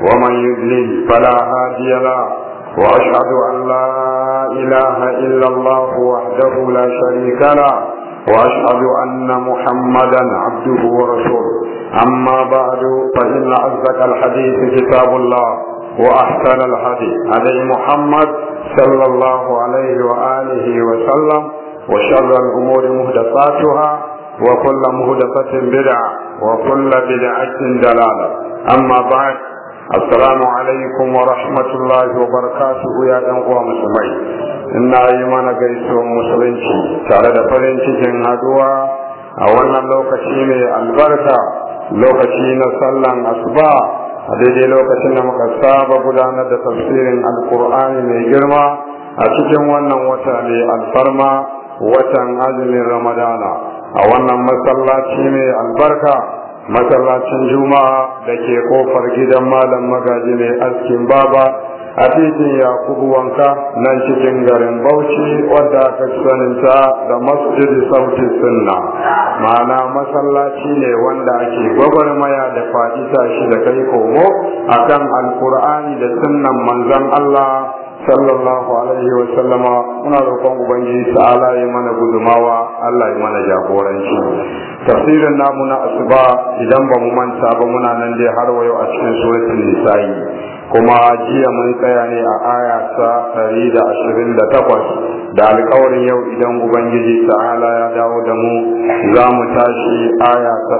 ومن يضلل فلا هادي له وأشهد أن لا إله إلا الله وحده لا شريك له وأشهد أن محمدا عبده ورسوله أما بعد فإن أصدق الحديث كتاب الله وأحسن الحديث هدي محمد صلى الله عليه وآله وسلم وشر الأمور مهدفاتها وكل مهدفة بدعة وكل بدعة دلالة أما بعد assalamu alaikum wa rahmatullahi wa barakatuhu ya ɗan uwa musulmai ina yi mana gaisuwar musulunci tare da farin cikin haduwa a wannan lokaci mai albarka lokaci na sallan asuba a daidai lokacin da muka saba gudanar da tafsirin alkur'ani mai girma a cikin wannan wata mai alfarma watan azumin ramadana a wannan masallaci mai albarka masallacin juma'a da ke kofar gidan malam magaji mai askin baba a titin yakubu wanka nan cikin garin bauchi wadda aka saninta da masjid sauti sunna ma'ana masallaci ne wanda ake gwagwarmaya da fadita shi da kai komo akan alkur'ani da sunnan manzon allah sallallahu alaihi wa sallama muna roƙon ubangiji ta'ala yi mana gudumawa Allah ya mana jagoranci tafsirin namu na asuba idan ba mu manta ba muna nan dai har wayo a cikin suratul nisa'i kuma jiya mun tsaya ne a aya ta 128 da alƙawarin yau idan ubangiji ta'ala ya dawo da mu za mu tashi aya ta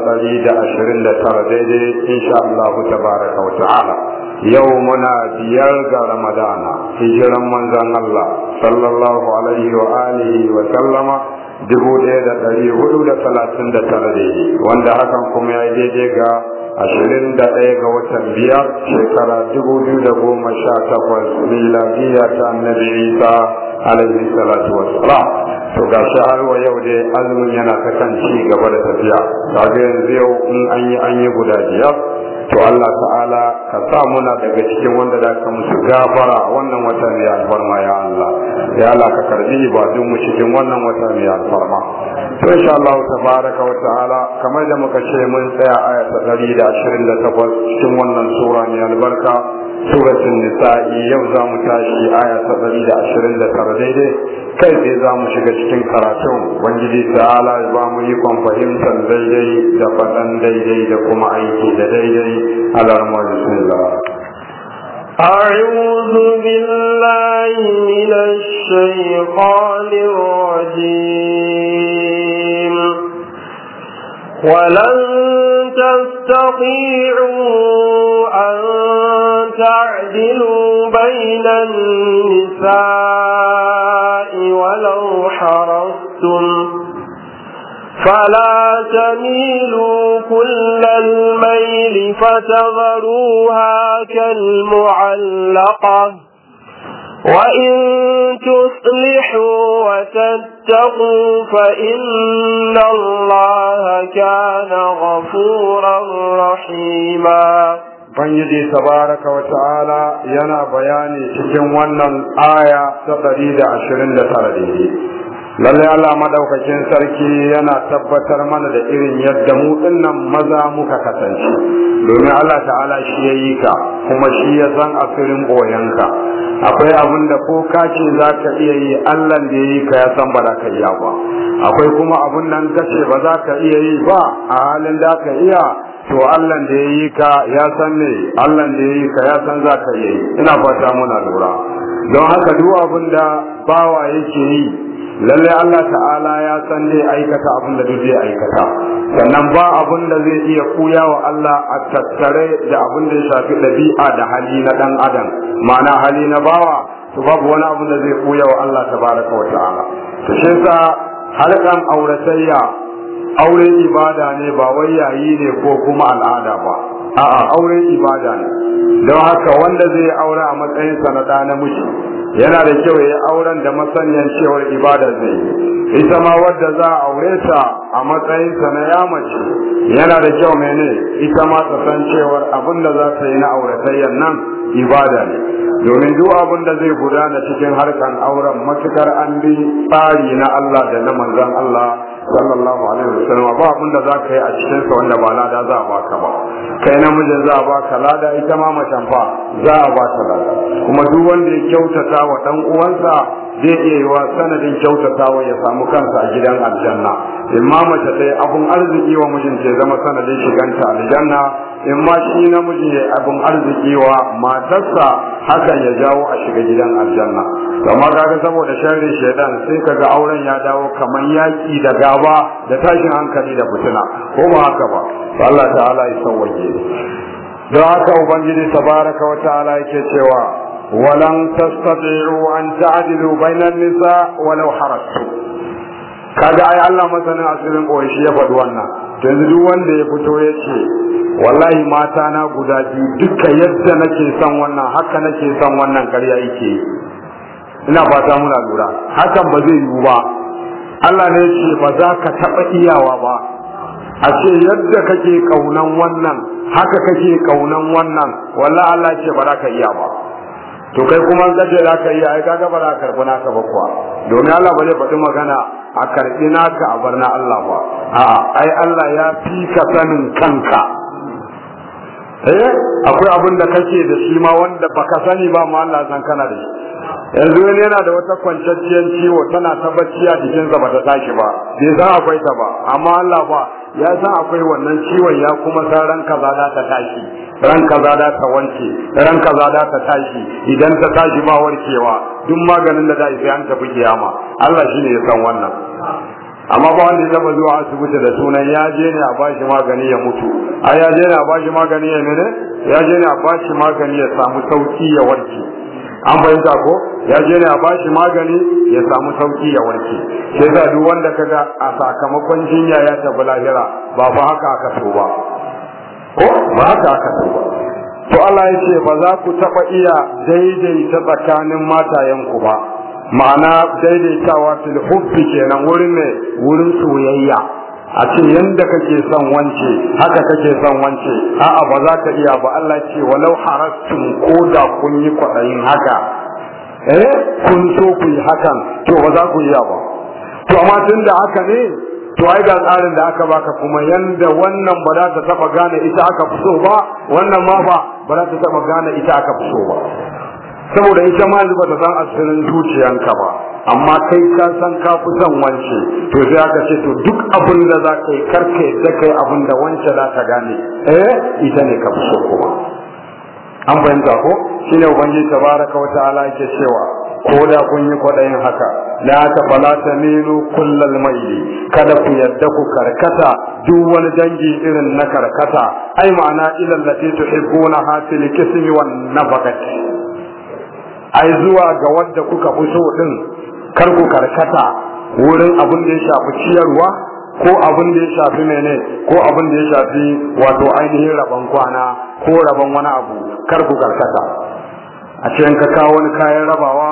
tara daidai insha Allah tabaraka wa ta'ala yau muna biyar ga ramadana hijiran manzan Allah sallallahu alaihi wa alihi wa sallama dubu ɗaya da ɗari hudu da talatin da tara wanda hakan kuma ya daidai ga ashirin da ɗaya ga watan biyar shekara dubu biyu da goma sha takwas miladiya ta annabi isa alaihi salatu wassalam to ga shi har wa yau dai azumin yana ta kan ci gaba da tafiya kaga yanzu yau in an yi an yi guda biyar to Allah ta'ala ka sa muna daga cikin wanda za ka musu gafara wannan watan ya alfarma ya Allah ya Allah ka karbi ibadun mu cikin wannan watan ya alfarma to insha Allah tabaraka wa ta'ala kamar da muka ce mun tsaya aya ta 128 cikin wannan sura ne albarka suratun nisa'i yau za mu tashi aya ta ɗari da ashirin da tara daidai kai sai za mu shiga cikin karatun ubangiji ta'ala ya ba mu ikon fahimtar daidai da faɗan daidai da kuma aiki da daidai alarmar bismillah أعوذ بالله من الشيطان الرجيم ولن تستطيعوا أن تعدلوا بين النساء ولو حرصتم فلا تميلوا كل الميل فتغروها كالمعلقة وإن تصلحوا تتقوا فإن الله كان غفورا رحيما بنيدي سبارك وتعالى ينا بياني تكن ونن آية تقريد عشرين لتردي lallai Allah madaukakin sarki yana tabbatar mana da irin yadda mu dinnan maza muka kasance domin Allah ta'ala shi ya yi ka kuma shi ya san asirin boyanka akwai abin da ko ka ce za ka iya yi Allah da ya yi ka ya san ba za ka iya ba akwai kuma abin nan ka ba za ka iya yi ba a halin da ka iya to Allah da ya yi ka ya san ne Allah da ya yi ka ya san za ka iya yi ina fata muna lura don haka duk abin da bawa yake yi Lallai Allah ta'ala ya san zai aikata abin da duk zai aikata sannan ba abin da zai iya kuya wa Allah a tattare da abin da ya shafi ɗabi'a da hali na ɗan adam ma'ana hali na bawa to babu wani abin da zai kuya wa Allah tabaraka wa ta'ala to shi yasa halkan auratayya aure ibada ne ba wai yayi ne ko kuma al'ada ba a'a auren ibada ne don haka wanda zai aure a matsayin sa na da namiji yana da kyau ya auren da masanyan cewar ibada zai ita ma wadda za a aure ta a matsayin sa na yamaci yana da kyau mene ita ma ta san cewar abin da za ta yi na auratayyar nan ibada ne domin duk abin da zai gudana cikin harkan auren matukar an bi tsari na Allah da na manzon Allah sallallahu alaihi wasallam ba abin da zaka yi a cikin sa wanda ba lada za a baka ba kai namijin za a baka lada ita ma macen fa za a baka lada kuma duk wanda ya kyautata wa dan uwansa zai iya yi wa sanadin kyautatawa ya samu kansa a gidan aljanna imma mace ɗaya abun arziki wa mijinta ya zama sanadin shiganta aljanna in ma shi namiji ya abin arziki wa matarsa hakan ya jawo a shiga gidan aljanna kamar kaga saboda sharri shaidan sai kaga auren ya dawo kamar yaki da gaba da tashin hankali da fitina ko ba haka ba Allah ta'ala ya sauwaje da haka ubangiji tabaraka wa ta'ala yake cewa walan tastati'u an ta'dilu bainan nisa walau haratu kaga ai Allah masanin asirin koyi shi ya faɗi wannan yanzu duk wanda ya fito ya ce wallahi mata na guda biyu duka yadda nake son wannan haka nake son wannan karya yake ina fata muna lura hakan ba zai yiwu ba Allah ne ce ba za ka taɓa iyawa ba a ce yadda kake ƙaunan wannan haka kake ƙaunan wannan wallahi Allah ce ba za ka iya ba to kai kuma kace za ka iya ai kaga ba za ka karɓi naka ba kuwa domin Allah ba zai faɗi magana a karɓi naka a bar na Allah ba a'a ai Allah ya fi ka sanin kanka eh akwai abin da kake da shi ma wanda baka sani ba ma Allah san kana da shi yanzu wani yana da wata kwanciyar ciwo tana ta bacci a jikinsa ba ta tashi ba bai san akwai ta ba amma Allah ba ya san akwai wannan ciwon ya kuma san ran kaza za ta tashi ran za ta wanke ran kaza za ta tashi idan ta tashi ba warkewa duk maganin da za sai an tafi kiyama Allah shine ya san wannan amma ba wanda ya taba zuwa asibiti da sunan ya je ne a bashi magani ya mutu a ya je ne a bashi magani ya mene ya je ne a bashi magani ya samu sauki ya warke an fahimta ko ya je ne a bashi magani ya samu sauki ya warke sai da duk wanda kaga a sakamakon jinya ya tafi lahira ba fa haka aka so ba ko ba haka aka so ba to Allah ya ce ba za ku taba iya daidaita tsakanin ku ba ma'ana daidaitawa fil hubbi kenan wurin ne wurin soyayya a ce yanda kake son wance haka kake son wance a'a ba za ka iya ba Allah ce walau harastum ko da kun yi kwaɗayin haka eh kun so ku yi hakan to ba za ku iya ba to amma tun da haka ne to ai ga tsarin da aka baka kuma yanda wannan ba za ta taba gane ita aka fi ba wannan ma ba ba za ta taba gane ita aka fi so ba saboda ita ma ba ta san asirin zuciyanka ba amma kai ka san ka fi son wance to sai aka ce to duk abin da za ka yi karka yadda kai abin da wance za ka gane eh ita ne ka fi so kuma an fahimta ko shine ubangiji tabaraka wa ta'ala yake cewa ko da kun yi kwaɗayin haka la ta fala ta milu kullal maili kada ku yadda ku karkata duk wani dangi irin na karkata ai ma'ana ilal lati tuhibbuna hasil kismi wan nafaqati ai zuwa ga wanda kuka fi so din kar ku karkata wurin abin da ya shafi ciyarwa ko abin da ya shafi mene ko abin da ya shafi wato ainihin rabon kwana ko rabon wani abu kar ku karkata a cikin ka kawo wani kayan rabawa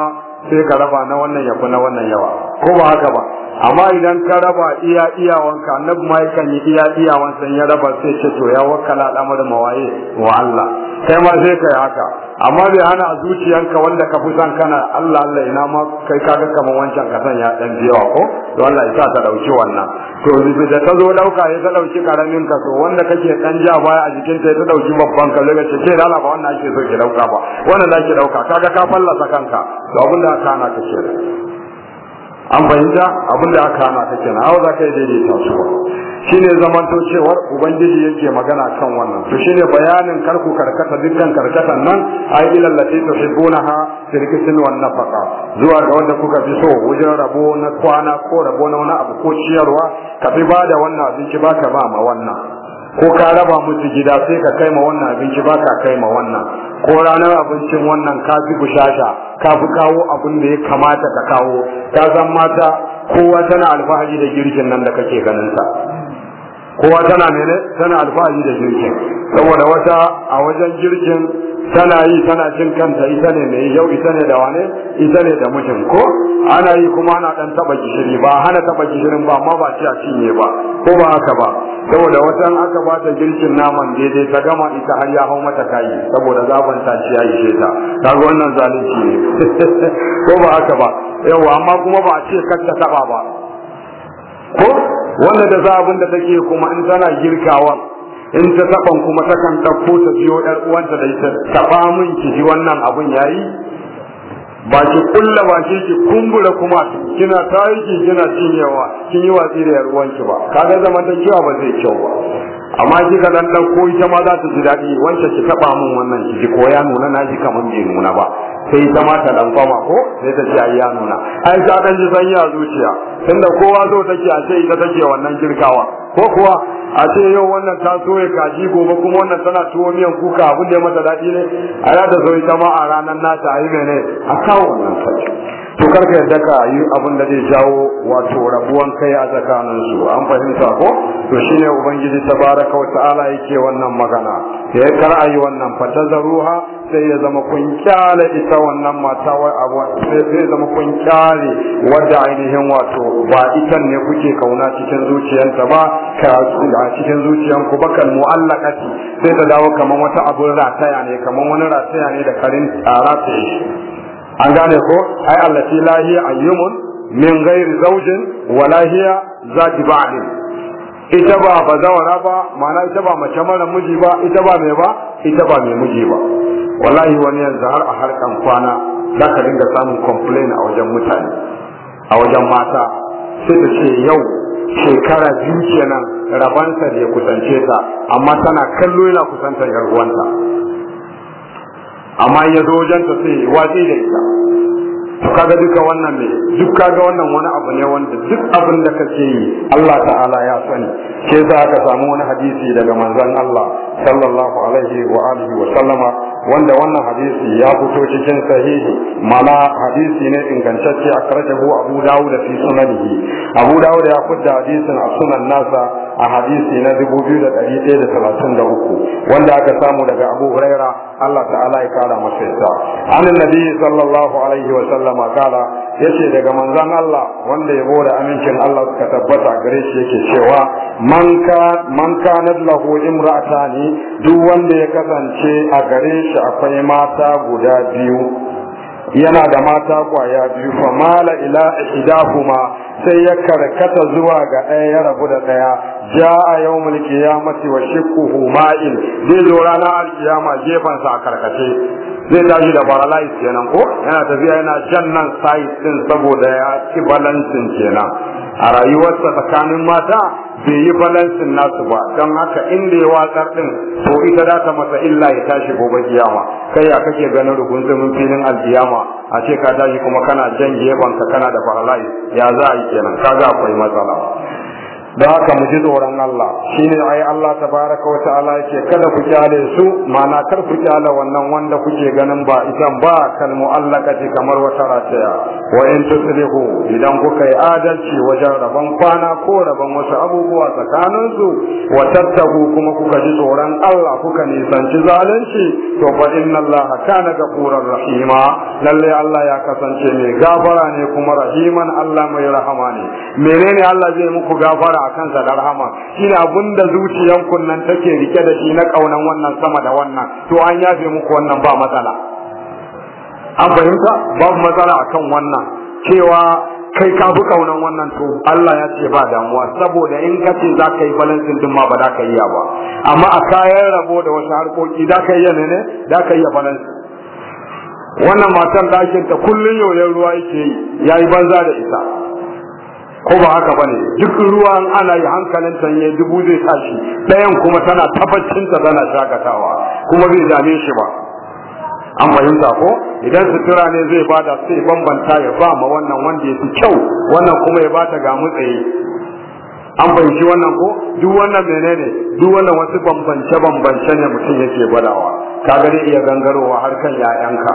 sai ka raba na wannan ya na wannan yawa ko ba haka ba amma idan ka raba iya wanka annabi mai kan yi iya iya san ya raba sai ce to ya wakala al'amarin mawaye wa Allah kai ma sai kai haka amma bai hana a zuciyanka wanda ka fi son kana Allah Allah ina ma kai ka ga kamar wancan ka san ya dan biyawa ko to Allah ya ta dauki wannan to da ta zo dauka ya ta dauki karamin ka to wanda kake dan ja baya a jikin ta ya ta dauki babban ka zai ce sai lala ba wannan ake so ki dauka ba wannan zaki dauka kaga ka fallasa kanka to abinda ka na ka kira. an fahimta abin da aka hana ta kenan hawa za ka yi ta su ba ne zamanto cewar ubangiji yake magana kan wannan to shine bayanin karku karkata dukkan karkatan nan ai ilal lati tuhibbunaha firkisin wan nafaka zuwa ga wanda kuka fi so wajen rabo na kwana ko rabo na wani abu ko ciyarwa ka fi bada wannan abinci baka ba ma wannan ko ka raba musu gida sai ka kai ma wannan abinci baka kai ma wannan ko ranar abincin wannan ka fi bushasha ka fi kawo abin da ya kamata ka kawo ka san mata kowa tana alfahari da girkin nan da kake ganin sa kowa tana mene tana alfahari da girkin saboda wata a wajen girkin tana yi tana cin kanta ita ne mai yau ita ne da wane ita ne da mijin ko ana yi kuma ana dan taba gishiri ba hana taba gishirin ba amma ba ci a cinye ba ko ba haka ba saboda wata aka ba ta girkin naman daidai ta gama ita har ya hau mata kayi saboda zaban ta ci aishe ta kaga wannan zalunci ne ko ba haka ba yawa amma kuma ba a ce kanta taba ba ko wanda da za abin da take kuma in tana girkawa in ta taban kuma takan ɗauko ta biyo ‘yar uwanta da ita taɓa mun ki ji wannan abun yayi ba ki kulla ba ki ki kumbura kuma kina tayi ki kina cinyewa kin yi watsi da ‘yar uwanki ba da kiwa ba zai kyau ba amma kika dan ɗauko ita ma za ta ji daɗi wancan ki taɓa mun wannan ki ji ko ya nuna na ji kamar bai nuna ba sai ta mata dan kwama ko sai ta ce ayi ya nuna ai ta dan ji sanya zuciya tunda kowa zo take a ce ita take wannan girkawa ko kuwa a ce yau wannan ta soya kaji gobe kuma wannan tana tuwo miyan kuka abin da ya mata daɗi ne a yada zo ita ma a ranan nata ayi yi mene a kawo wannan sarki to karka yadda ka yi abin da zai jawo wato rabuwan kai a tsakanin su an fahimta ko to shi ne ubangiji ta baraka wa ta'ala yake wannan magana ya kar ayi wannan ruha sai ya zama kun kyale ita wannan mata wa abuwa sai ya zama kun kyale wadda ainihin wato ba ita ne kuke kauna cikin zuciyanta ba ka a cikin zuciyanku ba kan mu'allaqati sai ta dawo kamar wata abun rataya ne kamar wani rataya ne da karin yi an gane ko ai allati la hiya ayyumun min ghairi zawjin wala hiya zati ba'din ita ba bazawara ba ma'ana ita ba mace mara miji ba ita ba mai ba ita ba mai miji ba wallahi wani yanzu har a harkan kwana za ka dinga samun complain a wajen mutane a wajen mata sai ta ce yau shekara biyu kenan rabanta da ya kusance ta amma tana kallo yana kusantar yar uwanta amma ya zo wajen ta sai wace da ita to kaga duka wannan ne duk kaga wannan wani abu ne wanda duk abin da kake yi Allah ta'ala ya sani sai za ka samu wani hadisi daga manzon Allah sallallahu alaihi wa alihi wa sallama wanda wannan hadisi ya fito cikin sahihi mana hadisi ne ingantacce a karjahu abu dawud fi sunanihi abu dawo ya fudda hadisin a sunan nasa a hadisi na 2133 wanda aka samu daga abu huraira Allah ta'ala ya kara masa yasa an nabi sallallahu alaihi wa sallama kala yace daga manzan Allah wanda ya da amincin Allah suka tabbata gare shi yake cewa man ka man lahu imra'atani duk wanda ya kasance a gare shi akwai mata guda biyu yana da mata kwaya biyu fa mala ila ihdahuma sai ya karkata zuwa ga ɗaya ya rabu da ɗaya ja'a yawmul qiyamati wa shiqquhu ma'il zai zo rana alkiyama jefan sa a karkace zai tashi da paralyze kenan ko yana tafiya yana jan nan sai din saboda ya ci balansin kenan a rayuwarsa tsakanin mata bai yi balansin nasu ba don haka inda ya watsar ɗin, to ita za ta masa illa ya tashi gobe kiyama kai ya kake ganin rukunzumin filin alkiyama a ce ka tashi kuma kana jan ka kana da faralai ya za a yi kenan kaga akwai matsala da haka mu ji tsoron Allah shine ai Allah tabaraka wa ta'ala yake kada ku kyale su ma'ana kar ku kyale wannan wanda kuke ganin ba isan ba Allah kace kamar wata rataya wa in tusrihu idan kuka yi adalci wajen rabon kwana ko rabon wasu abubuwa tsakaninsu, su wa tattaku kuma kuka ji tsoron Allah kuka nisanci zalunci to fa inna Allah kana gafurar rahima lalle Allah ya kasance mai gafara ne kuma rahiman Allah mai rahama ne menene Allah zai muku gafara akan sa da rahama shine abinda zuciyanku nan take rike da shi na kaunan wannan sama da wannan to an yafe muku wannan ba matsala an fahimta babu matsala kan wannan cewa kai ka fi kaunan wannan to Allah ya ce ba damuwa saboda in ka ce za ka yi balancin din ma ba za ka yi ba amma a kayan rabo da wasu harkoki za ka yi ne za ka yi balance wannan matan ɗakin ta kullun yoyon ruwa yake yi ya yi banza da ita ko ba haka bane duk ruwan ana yi hankalin sanye dubu zai tashi ɗayan kuma tana tabbacin ta tana shakatawa kuma bai zame shi ba an fahimta ko idan su sutura ne zai bada sai bambanta ya ba ma wannan wanda ya fi kyau wannan kuma ya bata ga mutsaye an fahimci wannan ko duk wannan menene duk wannan wasu bambance bambance ne mutum yake gwadawa ka gani iya gangarowa har kan ya'yanka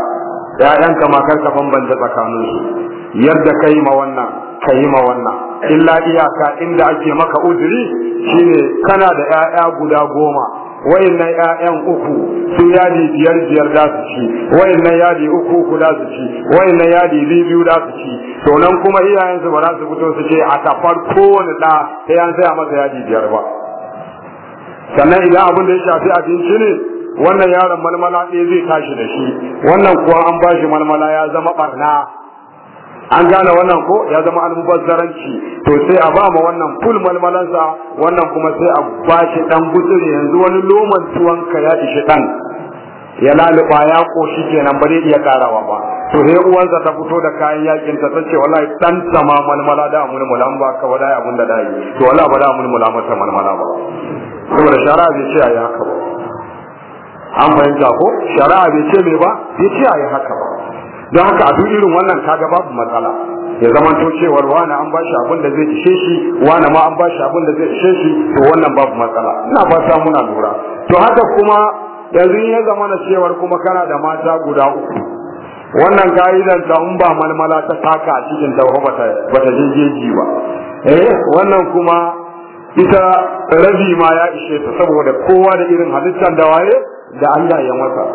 ya'yanka ma kar ka bambanta tsakanin su yadda ka yi ma wannan ka yi ma wannan illa iyaka inda ake maka udiri shine kana da 'ya'ya guda goma na ƴaƴan uku su yadi biyar biyar da su ci na yadi uku uku da su ci na yadi biyu biyu da su ci to nan kuma iyayensu ba za su fito su ce a tafar kowane ɗa sai an masa yadi biyar ba sannan idan abin da ya shafi abinci ne wannan yaron malmala ɗaya zai tashi da shi wannan kuwa an ba shi malmala ya zama ɓarna an gane wannan ko ya zama almubazzaranci to sai a ba ma wannan ful malmalansa wannan kuma sai a ba shi dan gutsuri yanzu wani loman ka ya ishi dan ya laluba ya koshi kenan ba zai iya karawa ba to sai uwansa ta fito da kayan yakin ta sace wallahi dan sama malmala da mun mulan ba ka wadai abun da dai to wallahi ba da mun mulan mata malmala ba saboda shara bai ce ayi haka ba an bayyana ko shara bai ce me ba bai ce ayi haka ba don haka a duk irin wannan kaga babu matsala ya zama to cewar wani an bashi abin da zai ishe shi wani ma an bashi abin da zai ishe shi to wannan babu matsala ina fata muna lura to haka kuma yanzu ya zama na cewar kuma kana da mata guda uku wannan ka'idar ta in ba malmala ta taka a cikin ta bata ta jejeji ba eh wannan kuma ita rabi ma ya ishe ta saboda kowa da irin halittar da waye da Allah ya masa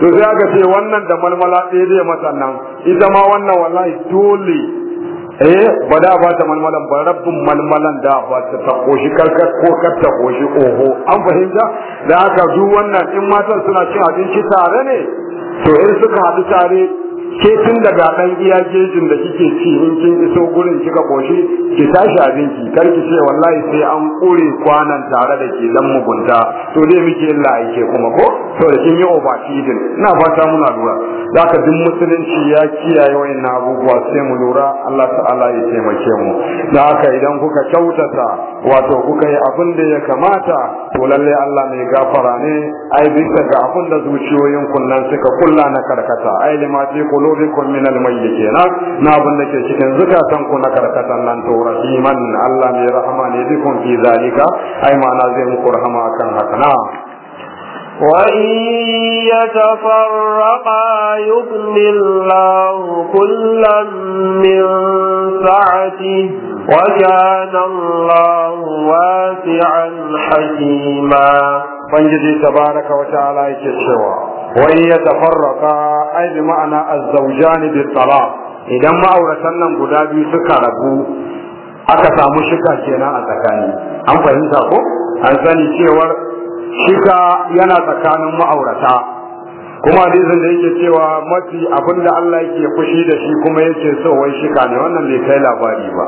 to sai aka ce wannan da malmala ɗaya zai masa nan ita ma wannan wallahi dole eh ba da ba ta malmalan ba rabbin malmalan da ba ta ta koshi karkar ko kar ta koshi oho an fahimta da aka zu wannan in matan suna cin abinci tare ne to in suka haɗu tare ke tun daga dan iya jejin da kike ci in kin iso gurin kika koshi ki tashi abinki kar ki ce wallahi sai an kure kwanan tare da ke dan mugunta to dai muke Allah yake kuma ko to da kin yi overfeeding ina fata muna lura zaka duk musulunci ya kiyaye wayannan abubuwa sai mu lura Allah ta'ala ya taimake mu da haka idan kuka kyautata wato kuka yi abin da ya kamata to lalle Allah mai gafara ne ai bisa ga abin da zuciyoyin kunnan suka kulla na karkata ai limati qulu qulubikum min almayyit kenan na abin da ke cikin zukatan ku na karkatan nan to rahiman Allah mai rahama ne bikum fi zalika ai ma'ana zai muku rahama akan haka na وإن يتفرقا يغن الله كلا من سعته وكان الله واسعا حكيما. بنجد تبارك وتعالى يكشفها. wai ya tafarraka ai ma'ana azzawjani bi talaq idan ma'auratan nan guda biyu suka rabu aka samu shika kenan a tsakani an fahimta ko an sani cewar shika yana tsakanin ma'aurata kuma hadisin da yake cewa mafi abinda Allah yake fushi da shi kuma yake so wai shika ne wannan bai kai labari ba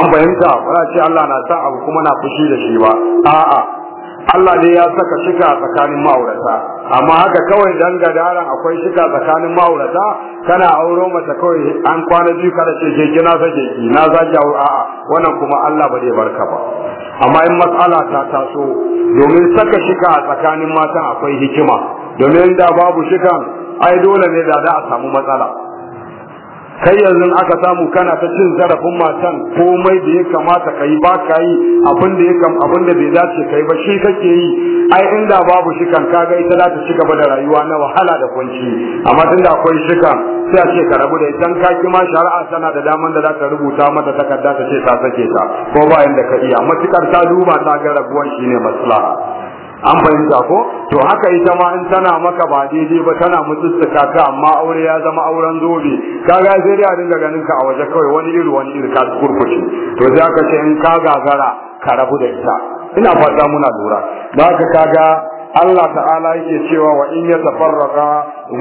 an fahimta ba ce Allah na sa abu kuma na fushi da shi ba a'a Allah ne ya saka shika tsakanin ma'aurata amma haka kawai dan gadaran akwai shika tsakanin ma'aurata kana auro mata kawai an kwana biyu kada ce je kina sake na zaki auro a'a wannan kuma Allah ba zai barka ba amma in matsala ta taso domin saka shika a tsakanin mata akwai hikima domin da babu shikan ai dole ne da za a samu matsala kai yanzu aka samu kana ta cin zarafin matan komai da ya kamata ka yi ba ka yi abin da ya abin da bai dace ka yi ba shi kake yi ai inda babu shikan kan kaga ita za ta ci gaba da rayuwa na wahala da kunci amma tunda akwai shi kan sai a ce ka rabu da ita ka ki ma shari'a tana da daman da za ta rubuta mata takarda ta ce ta sake ta ko ba yanda ka iya matukar ta duba ta ga rabuwan shine maslaha an fahimta ko to haka ita ma in tana maka ba daidai ba tana mutsutsuka ka amma aure ya zama auren zobe kaga sai dai a dinga ganin ka a waje kawai wani iri wani iri ka kurkuce to sai aka ce in ka gagara ka rabu da ita ina fata muna lura da haka kaga Allah ta'ala yake cewa wa in ya tafarraqa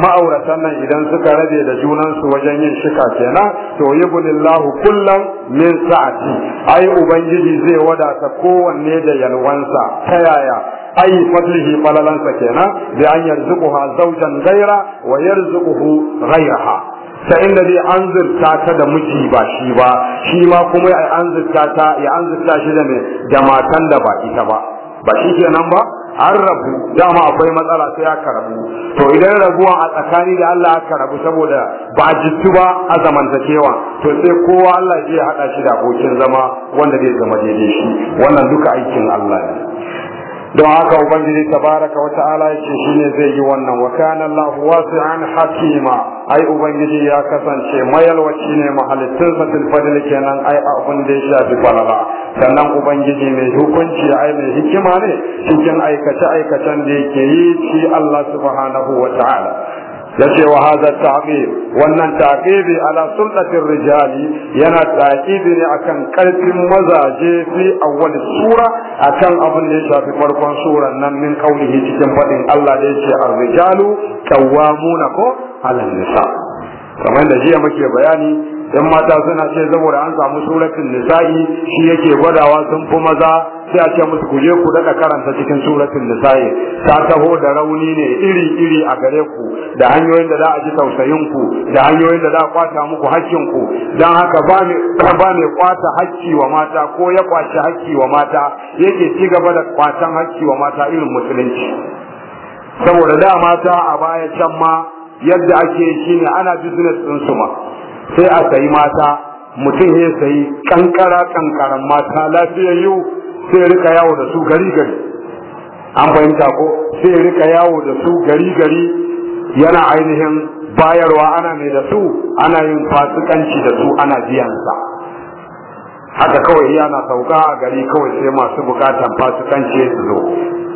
ma'auratan nan idan suka rabe da junansu wajen yin shika kenan to yubulillahu kullam min sa'ati ai ubangiji zai wadata kowanne da yalwansa ta yaya ai fadlihi falalansa kenan bi an yarzuquha zawjan ghaira wa yarzuquhu ghairaha ta inda zai anzurta ta da miji ba shi ba shi ma kuma ya anzurta ta ya anzurta shi da me da matan da ba ita ba ba shi kenan ba Har rabu dama akwai matsala sai aka rabu to idan rabuwa a tsakani da Allah aka rabu saboda ba jittu ba a zamantakewa to sai kowa Allah zai haɗa shi da abokin zama wanda zai zama daidai shi wannan duka aikin Allah ne don haka ubangiji tabaraka wa ta'ala yake shine zai yi wannan wa kana Allahu wasi'an hakima ai ubangiji ya kasance mayalwaci ne mahalittin sa fil kenan ai abun da ya shafi falala sannan ubangiji mai hukunci ai mai hikima ne cikin aikace aikacen da yake yi shi Allah subhanahu wa ta'ala yace wa hadha ta'qib wannan taqibi ala sultatir rijali yana taqibi ne akan karfin mazaje fi awwal sura akan abin da ya shafi farkon sura. nan min kaulihi cikin fadin Allah da yace ar-rijalu qawwamuna ko ala nisa kamar da jiya muke bayani yan mata suna ce saboda an samu suratul nisa'i shi yake gwadawa sun fi maza sai a ce musu ku ku daɗa karanta cikin suratul nisa'i ta taho da rauni ne iri iri a gare ku da hanyoyin da za a ji tausayin ku da hanyoyin da za a kwata muku haƙƙin ku dan haka ba ne ba ne kwata haƙƙi wa mata ko ya kwaci haƙƙi wa mata yake ci gaba da kwatan haƙƙi wa mata irin musulunci saboda da mata a baya can ma yadda ake shine ana business din su ma sai a sayi mata mutum ya sayi kankara kankara mata lafiyayyu sai rika yawo da su gari gari an fahimta ko sai rika yawo da su gari gari yana ainihin bayarwa ana mai da su ana yin fasikanci da su ana biyansa haka kawai yana sauka a gari kawai sai masu bukatan fasikanci ya zo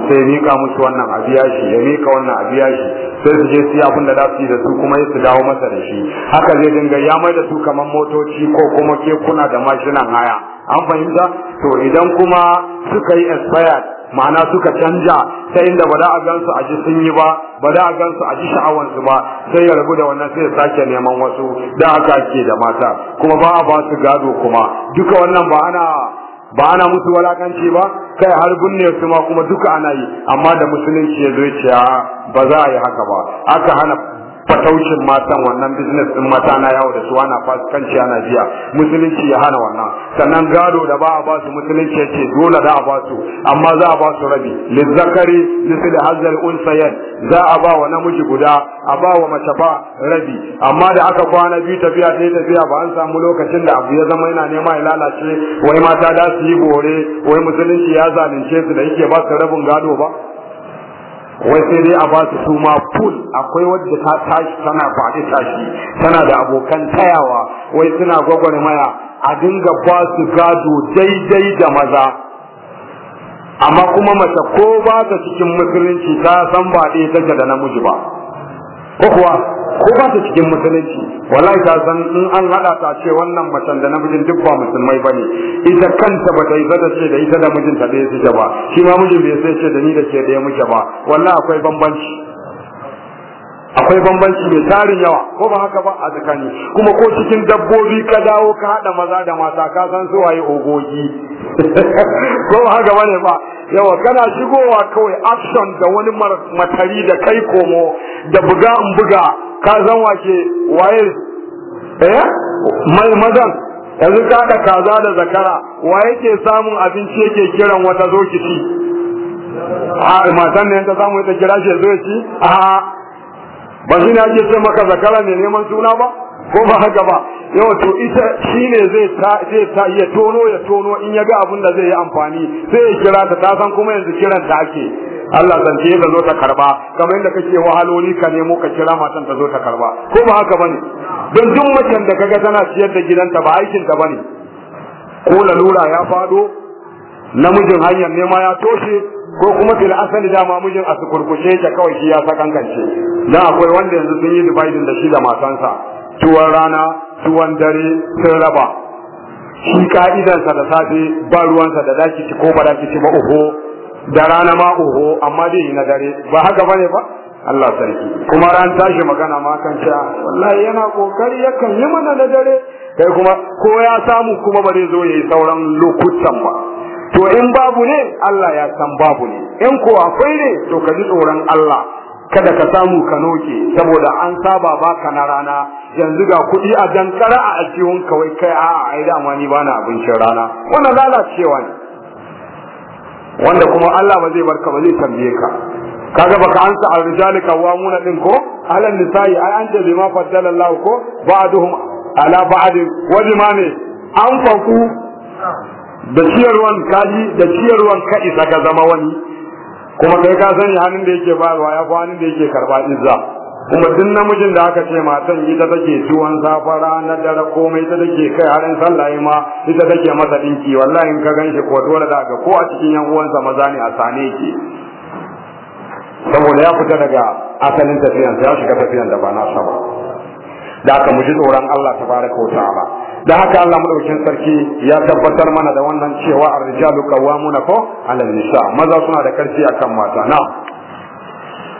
sai mika musu wannan a biya shi ya mika wannan a biya shi sai su je su abin da za su yi da su kuma ya su dawo masa da shi haka zai dinga ya mai da su kamar motoci ko kuma kekuna da mashinan haya an fahimta to idan kuma suka yi expired ma'ana suka canja ta inda ba za a gansu a ji sun yi ba ba za a gansu a ji sha'awansu ba sai ya rabu da wannan sai ya sake neman wasu da aka ake da mata kuma ba a ba su gado kuma duka wannan ba ana ba ana musu walakanci ba kai har binne su ma kuma duka ana yi amma da musulunci ya zo ya ce ba za a yi haka ba aka hana fataucin matan wannan business din mata na yawo da su ana fasikanci ana jiya musulunci ya hana wannan sannan gado da ba a ba su musulunci yace dole da a ba su amma za a ba su rabi lizzakari misal hazzal unsayan za a ba wa namiji guda a ba wa mace ba rabi amma da aka kwana biyu tafiya yi tafiya ba an samu lokacin da abu ya zama yana nema ya lalace wai mata da su yi gore, wai musulunci ya zalunce su da yake ba su rabin gado ba wai sai dai a ba su su ma pool akwai wadda ta tashi tana faɗi tashi tana da abokan tayawa wai suna gwagwarmaya a dinga ba su gado daidai da maza amma kuma mace ko ba ta cikin musulunci ta san ba ɗaya take da namiji ba ko kuwa ko ba ta cikin musulunci wallahi ta san in an hada ta ce wannan macen da namijin duk ba musulmai bane ita kanta ba ta yi zata ce da ita da mijinta ɗaya suke ba shi ma mijin bai sai ce da ni da ke ɗaya muke ba wallahi akwai bambanci akwai bambanci mai tarin yawa ko ba haka ba a tsakani kuma ko cikin dabbobi ka dawo ka haɗa maza da mata ka san su waye ogogi ko ba haka bane ba yawa kana shigowa kawai action da wani matari da kai komo da buga in buga ka san wace waye eh mai mazan yanzu ka da kaza da zakara waye ke samun abinci yake kiran wata zo ki ci a ah, matan ne ta samu ita kira shi zo ci a ah, ba zina ake ce maka zakara ne neman suna ba ko ba haka ba yau to ita shine zai ta zai ta ya tono ya tono in ya ga abin da zai yi amfani sai ya kira ta ta san kuma yanzu kiran ta ake Allah ce da zo ta karba kamar yadda kake wahaloli ka nemo ka kira matan ta zo ta karba ko ba haka bane don duk macen da kaga tana siyar da gidanta ba aikin ta bane ko lalura ya fado namijin hanyar nema ya toshe ko kuma fil asali dama mijin a sukurkushe ta kawai shi ya kance dan akwai wanda yanzu sun yi dividing da shi da matansa tuwon rana tuwon dare sun raba shi ka'idansa da safe ba ruwansa da daki ci ko ba daki ci ba oho da rana ma oho amma dai na dare ba haka bane ba Allah sarki kuma ran tashi magana ma kan cewa wallahi yana kokari yakan yi mana da dare kai kuma ko ya samu kuma ba zai zo yayi sauran lokutan ba to in babu ne Allah ya san babu ne in ko akwai ne to ka ji tsoron Allah kada ka samu ka noke saboda an saba baka na rana yanzu ga kuɗi a dankara a ajiyun kawai kai a ai dama ni bana abincin rana wannan lalacewa ne wanda kuma Allah ba zai barka ba zai tambaye ka kaga baka ansa ar wa muna din ko alal nisa'i ai an ce bima faddala Allah ko ba'duhum ala ba'd wa bima ne an faku da ciyarwan kaji da ciyarwan ka isa ka zama wani kuma kai ka sani hannun da yake bayarwa ya fi hannun da yake karba izza kuma duk namijin da aka ce matan ita take tuwon safara na dare komai ita take kai harin sallah ma ita take masa dinki wallahi in ka ganshi ko dole za ka ko a cikin yan uwansa maza ne a sane ki saboda ya fita daga asalin tafiyan ya shiga tafiyan da ba na ba da aka muji tsoron Allah tabaraka wa ta'ala da haka Allah madaukakin sarki ya tabbatar mana da wannan cewa ar-rijalu qawwamuna ko 'ala nisa maza suna da karfi akan mata na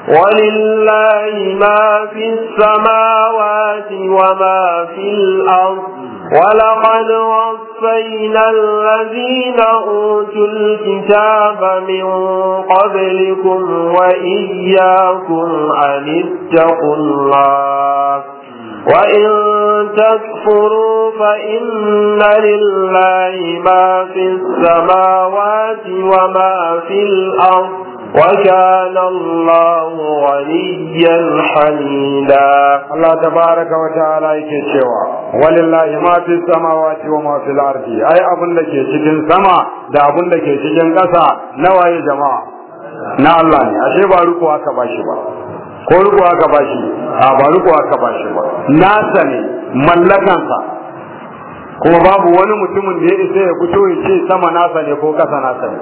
ولله ما في السماوات وما في الأرض ولقد وصينا الذين أوتوا الكتاب من قبلكم وإياكم أن اتقوا الله وإن تكفروا فإن لله ما في السماوات وما في الأرض وكان الله غنيا حميدا الله تبارك وتعالى يكشوا ولله ما في السماوات وما في الأرض أي أبن لك يشجن سما دا أبن لك يشجن قسا نوى يا جماعة na Allah ne ashe ba rukuwa ka bashi ba ko riko aka bashi a ba riko aka bashi ba sani mallakan mallakansa kuma babu wani mutumin da ya isa ya fito ya ce sama na sani ko kasa na sani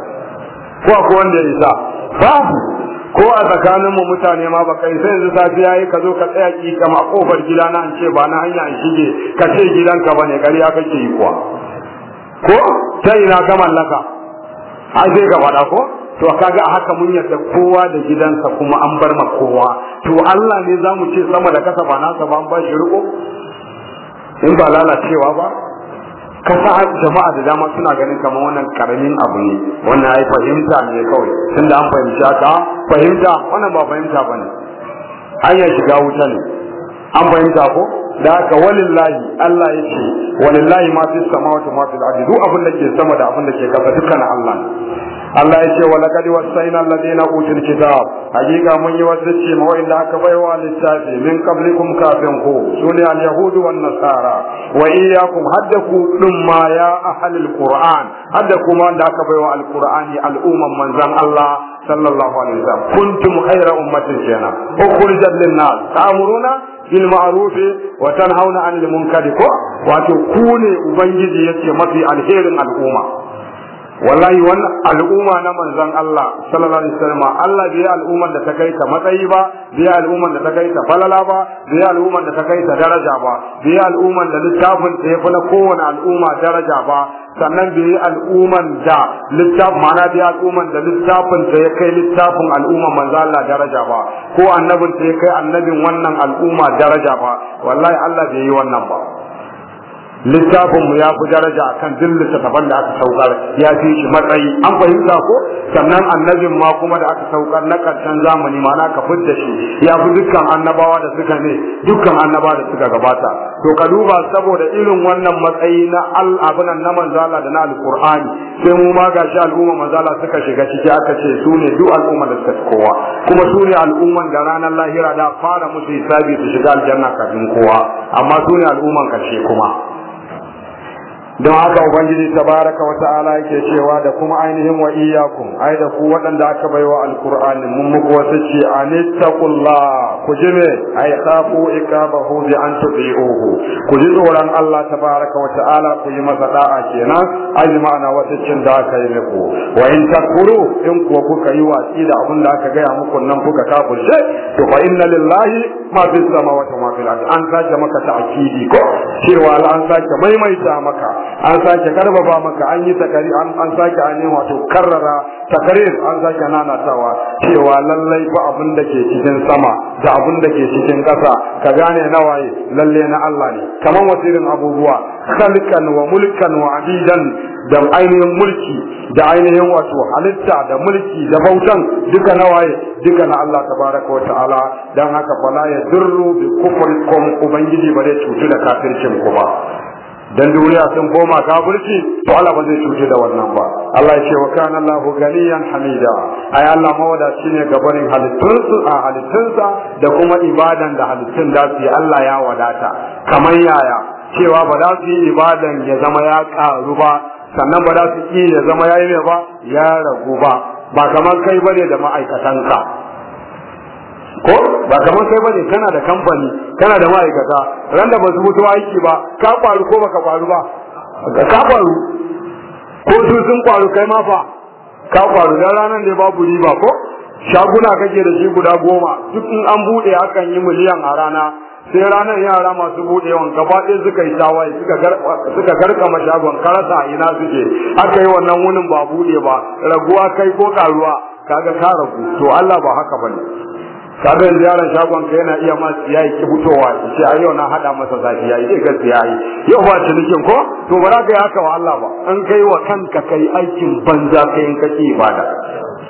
ko akwai wanda ya isa babu ko a tsakanin mu mutane ma baka isa yanzu safiya yayi ka zo ka tsaya ki kama kofar gida na an ce ba na hanya an shige ka ce ka bane aka kake yi kuwa ko sai ina ka mallaka ai zai ka faɗa ko to kaga a haka mun yadda kowa da gidansa kuma an bar ma kowa to Allah ne za mu ce sama da kasa ba nasa ba an ba shi riko in ba lalacewa ba kasa jama'a da dama suna ganin kamar wannan karamin abu ne wannan ai fahimta ne kawai da an fahimci haka fahimta wannan ba fahimta bane hanyar shiga wuta ne an fahimta ko da haka walillahi Allah ya ce walillahi ma fi samawati ma fil ardi duk abin da ke sama da abin da ke kasa dukkan Allah ne Allah ya ce wa laqad wasaina alladheena utul kitab hakika mun yi wasicci ma wanda aka baiwa littafi min qablikum kafin ku sune al yahudu wan nasara wa iyyakum haddaku dum ma ya ahlul qur'an haddaku ma da aka baiwa al qur'ani al umman manzan Allah sallallahu alaihi wasallam kuntum khayra ummatin kana ukhrijat lin nas ta'muruna bil ma'ruf wa tanhauna 'anil munkar ko wato ku ne ubangiji yake mafi alherin al'umma wallahi wannan al'umma na manzon Allah sallallahu alaihi wasallam Allah bai al'ummar da ta kai ta matsayi ba bai al'ummar da ta kai ta falala ba bai al'ummar da ta kai ta daraja ba bai al'ummar da littafin ta ya na kowane al'umma daraja ba sannan bai al'ummar da littafin mana bai al'ummar da littafin ta ya kai littafin al'ummar manzon Allah daraja ba ko annabin ta ya kai annabin wannan al'umma daraja ba wallahi Allah bai yi wannan ba littafinmu ya fi daraja a kan duk littattafan da aka saukar ya fi shi matsayi an fahimta ko sannan annabin ma kuma da aka saukar na karshen zamani ma na kafin da shi ya fi dukkan annabawa da suka ne dukkan annaba da suka gabata to ka duba saboda irin wannan matsayi na al'abunan na manzala da na alkur'ani sai mu ma ga shi al'umma manzala suka shiga ciki aka ce su ne duk al'umma da suka kowa kuma su ne al'umman da ranar lahira da fara musu hisabi su shiga aljanna kafin kowa amma su ne al'umman karshe kuma don haka ubangiji tabaraka wa ta'ala yake cewa da kuma ainihin wa iyyakum ai da ku waɗanda aka baiwa alqur'ani mun muku wata ce anittaqullah ku ji me ai khafu iqabahu bi an tudiuhu ku ji tsoron Allah tabaraka wa ta'ala ku yi masa da'a kenan ai ma'ana wata cin da aka yi muku wa in takfuru in kuwa kuka yi watsi da abin da aka gaya muku nan kuka kafirce to fa inna lillahi ma fi samawati wa ma fil ardi an sake maka ta'kidi ko cewa an sake maimaita maka an sake karbaba maka an yi takari an sake ainihin wato karrara takarir an sake nanatawa cewa lallai ba abin da ke cikin sama da abin da ke cikin ƙasa ka gane nawaye lalle na Allah ne kaman wasirin abubuwa khalqan wa mulkan wa abidan da ainihin mulki da ainihin wato halitta da mulki da bautan duka nawaye duka na Allah tabaraka wa ta'ala dan haka fala ya durru bi kufrikum ubangiji bare cutu da kafircin ku ba dan duniya sun koma kafirci to Allah ba zai cuce da wannan ba Allah ya ce wa kana Allahu ganiyan hamida ai Allah mawadaci ne gabanin barin halittunsu a halittunsa da kuma ibadan da halittun da su Allah ya wadata kamar yaya cewa ba za su yi ibadan ya zama ya karu ba sannan ba za su yi ya zama ya yi ba ya ragu ba ba kamar kai bane da ma'aikatanka ko ba kamar kai bane kana da kamfani kana da ma'aikata ran da ba su mutu aiki ba ka kwaru ko baka kwaru ba ka kwaru ko su sun kwaru kai ma fa ka kwaru da ranar ne babu riba ko shaguna kake da shi guda goma duk in an bude hakan yi miliyan a rana sai ranar yara masu budewan gaba ɗaya suka yi tawaye suka karkama shagon karasa ina suke aka yi wannan wunin ba bude ba raguwa kai ko karuwa kaga ka ragu to Allah ba haka bane kaga ziyarar shagon ka yana iya ma yayi ki fitowa ce a yau na hada masa zafi yayi sai gaskiya yayi yau ba cinikin ko to ba za ka yi haka wa Allah ba an kai wa kanka kai aikin banza kai in kake ibada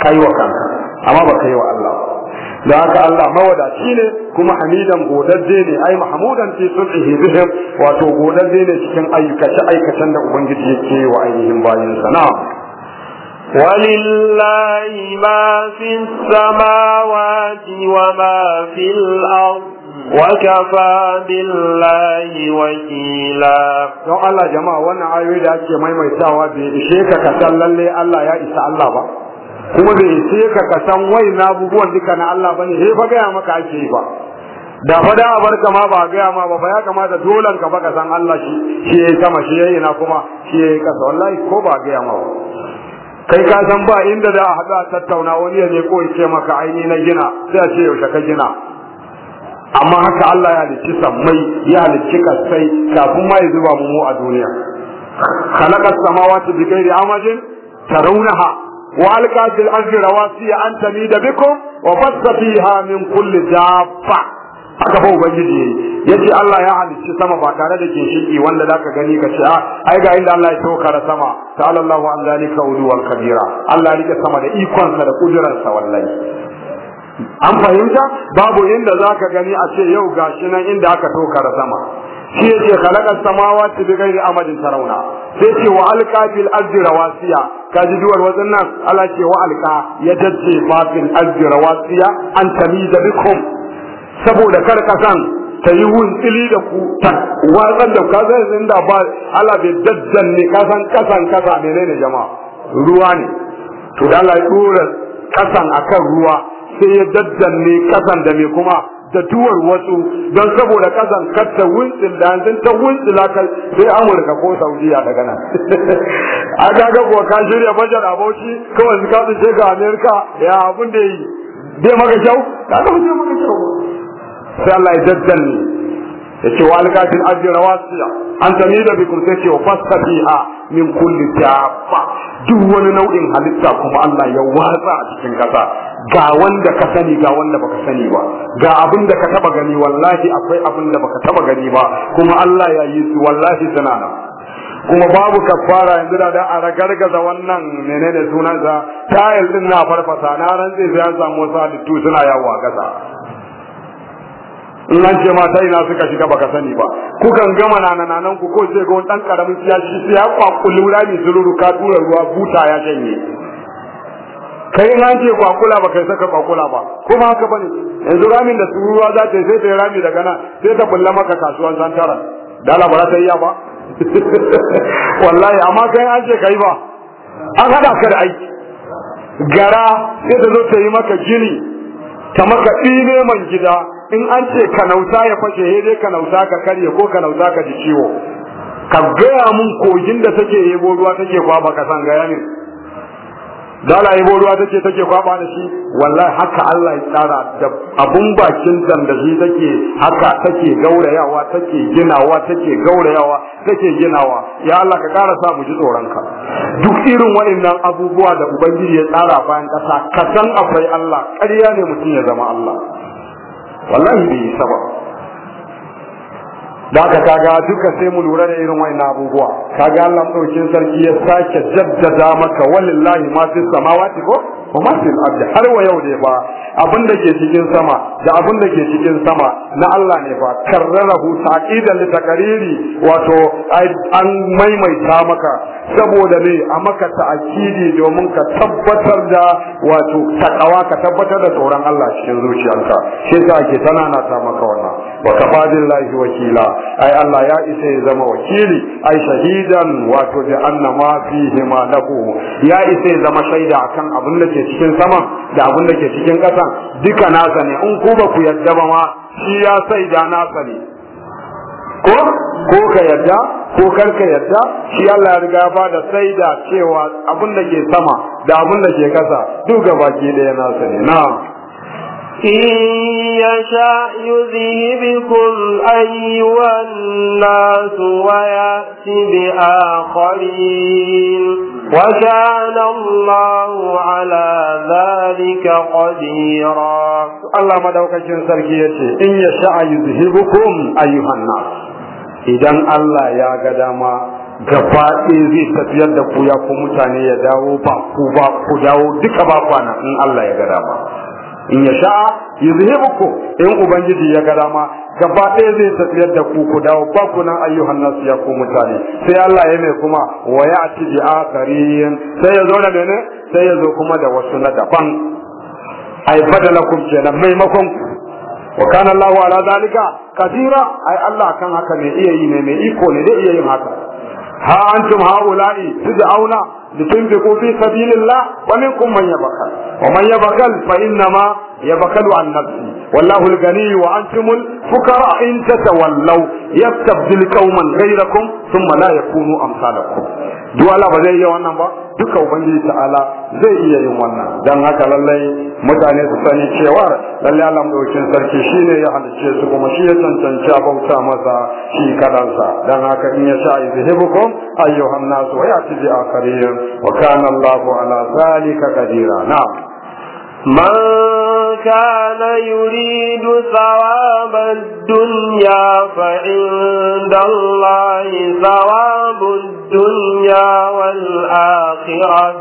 kai wa kanka amma ba kai wa Allah ba da haka Allah mawadaci ne kuma hamidan godadde ne ai mahmudan fi sulhihi bihim wato godadde ne cikin aikace aikacen da ubangiji yake wa ainihin bayin sana'a. ولله ما في السماوات وما في الأرض وكفى بالله وكيلا don Allah jama'a wannan ayoyi da ake maimaitawa bai ishe ka ka san lalle Allah ya isa Allah ba kuma bai ishe ka san wai na abubuwan na Allah bane sai fa gaya maka ake yi ba da fa da barka ma ba gaya ma ba ya kamata dolan ka fa ka san Allah shi shi yayi shi yayi na shi yayi kasa wallahi ko ba gaya ma kai ka san ba inda za a haɗu tattauna wani ne ko ya ce maka aini na gina sai a ce yaushe ka gina amma haka Allah ya halicci sammai ya halicci kasai kafin ma ya zuba mu a duniya khalaqa samawati bi ghairi amajin tarawnaha wa alqa fil ardi rawasiya an tamida bikum wa bassa fiha min kulli dabba haka fa ubangiji yace Allah ya halicci sama ba tare da ginshiki wanda zaka gani ka ce ah ai ga inda Allah ya da sama ta'ala Allahu an zalika uluwan kabira Allah ya rike sama da ikon da kudurarsa wallahi an fahimta babu inda zaka gani a ce yau gashi nan inda aka da sama shi yace khalaqas samawati bi ghairi amadin tarawna sai ce wa alqa bil ardi rawasiya kaji duwar wadannan Allah ce wa alqa ya dace fa bil ardi rawasiya an tamiza bikum saboda kar kasan ta yi wuntsili da ku ta watsar da ka zai da ba Allah bai daddan ne kasan kasan kasa ne jama'a ruwa ne to da Allah ya dora kasan akan ruwa sai ya daddan ne kasan da me kuma da tuwar wasu don saboda kasan katta wuntsil da yanzu ta wuntsila lakal, sai Amurka ko Saudiya daga nan a ga ko ka shirya bajar abauci kawai ka tsince ga Amerika ya abun da yi bai maka kyau ka ga bai maka kyau sai Allah ya daddanni ya ce wa alƙafin ajiyar wasiya an mida da bikum sai ce wa fasta fiha min kulli dabba duk wani nau'in halitta kuma Allah ya watsa a cikin kasa ga wanda ka sani ga wanda baka sani ba ga abin da ka taba gani wallahi akwai abin da baka taba gani ba kuma Allah ya yi su wallahi suna nan kuma babu kafara yanzu da a ragargaza wannan menene sunansa tayil din na farfasa na rantsi sai an samu da tu suna yawo a kasa in an ce mata ina suka shiga baka sani ba kukan gama nanananan ku ko sai ga wani dan karamin kiyashi sai ya lura rami zururu ka tura ruwa buta ya janye kai in an ce kwakula ba kai saka kwakula ba kuma haka bane yanzu ramin da ruwa za ta yi sai ta rami daga nan sai ta bulla maka kasuwan zantara dala ba za ta yi ba wallahi amma kai an ce kai ba an hada ka da aiki gara sai ta zo ta yi maka gini ta maka ɗime man gida in an ce kanauta ya fashe he dai kanauta ka kare ko kanauta ka ji ciwo ka gaya mun kogin da take yebo ruwa take kwaba ka san gaya min dala yebo ruwa take take kwaba da shi wallahi haka Allah ya tsara da abun bakin dan da shi take haka take gaurayawa take ginawa take gaurayawa take ginawa ya Allah ka ƙara sa mu ji tsoron ka duk irin waɗannan abubuwa da ubangiji ya tsara bayan kasa ka san akwai Allah ƙarya ne mutum ya zama Allah wallahi bai isa ba da aka kaga duka sai mu lura da irin wannan abubuwa kaga Allah sarki ya sake jaddada maka walillahi ma fi samawati ko wa ma fi ardi har wa yau ne ba abin da ke cikin sama da abin da ke cikin sama na Allah ne ba karrarahu taqidan li takariri wato an maimaita maka saboda ne a maka ta'akidi domin ka tabbatar da wato takawa ka tabbatar da tsoron Allah cikin zuciyarka shi yasa ake tana na ta maka wannan wa kafadillahi wakila ai Allah ya isa ya zama wakili ai shahidan wato da annama, fihi lahu ya isa ya zama shaida akan abin da ke cikin sama da abin da ke cikin ƙasa duka nasa ne in ku ba ku yadda ba ma shi ya sai da nasa ne ko ko ka yarda ko kar ka yarda shi Allah ya riga ba da saida cewa abun da ke sama da abun da ke kasa duk gaba ke da yana na iyasha yuzihi bi kul ayi wanna su waya ti bi akhari wa kana allah ala zalika qadira allah madaukakin sarki yace in ya sha bi kum idan Allah ya ga dama ga ɗaya zai tafiyar da ku ya ku mutane ya dawo ba ku ba ku dawo duka ba kwana in Allah ya ga dama in ya sha yuzhibukum in ubangiji ya ga dama gaba ɗaya zai tafiyar da ku ku dawo ba ku nan ayyuhan nasu ya ku mutane sai Allah ya mai kuma wa ya ya'ti bi tsari sai ya zo da mene sai ya zo kuma da wasu na daban ai badalakum kenan maimakon وكان الله على ذلك قديرا اي الله كان هكا مي اي مي مي ايكو ني دي اي هكا ها انتم هؤلاء تدعون لتنفقوا في سبيل الله ومنكم من يبخل ومن يبخل فانما يبخل عن نفسه والله الغني وانتم الفقراء ان تتولوا يستبدل قوما غيركم ثم لا يكونوا امثالكم duk Allah ba zai iya wannan ba duka ubangiji ta'ala zai iya yin wannan dan haka lallai mutane su sani cewa lallai Allah sarki shine ya halice su kuma shi ya cancanci bauta masa shi kadansa dan haka in ya sha yuzhibukum ayyuhan nas wa ya'ti bi akharin wa kana Allahu ala zalika qadira na'am man كان يريد ثواب الدنيا فعند الله ثواب الدنيا والآخرة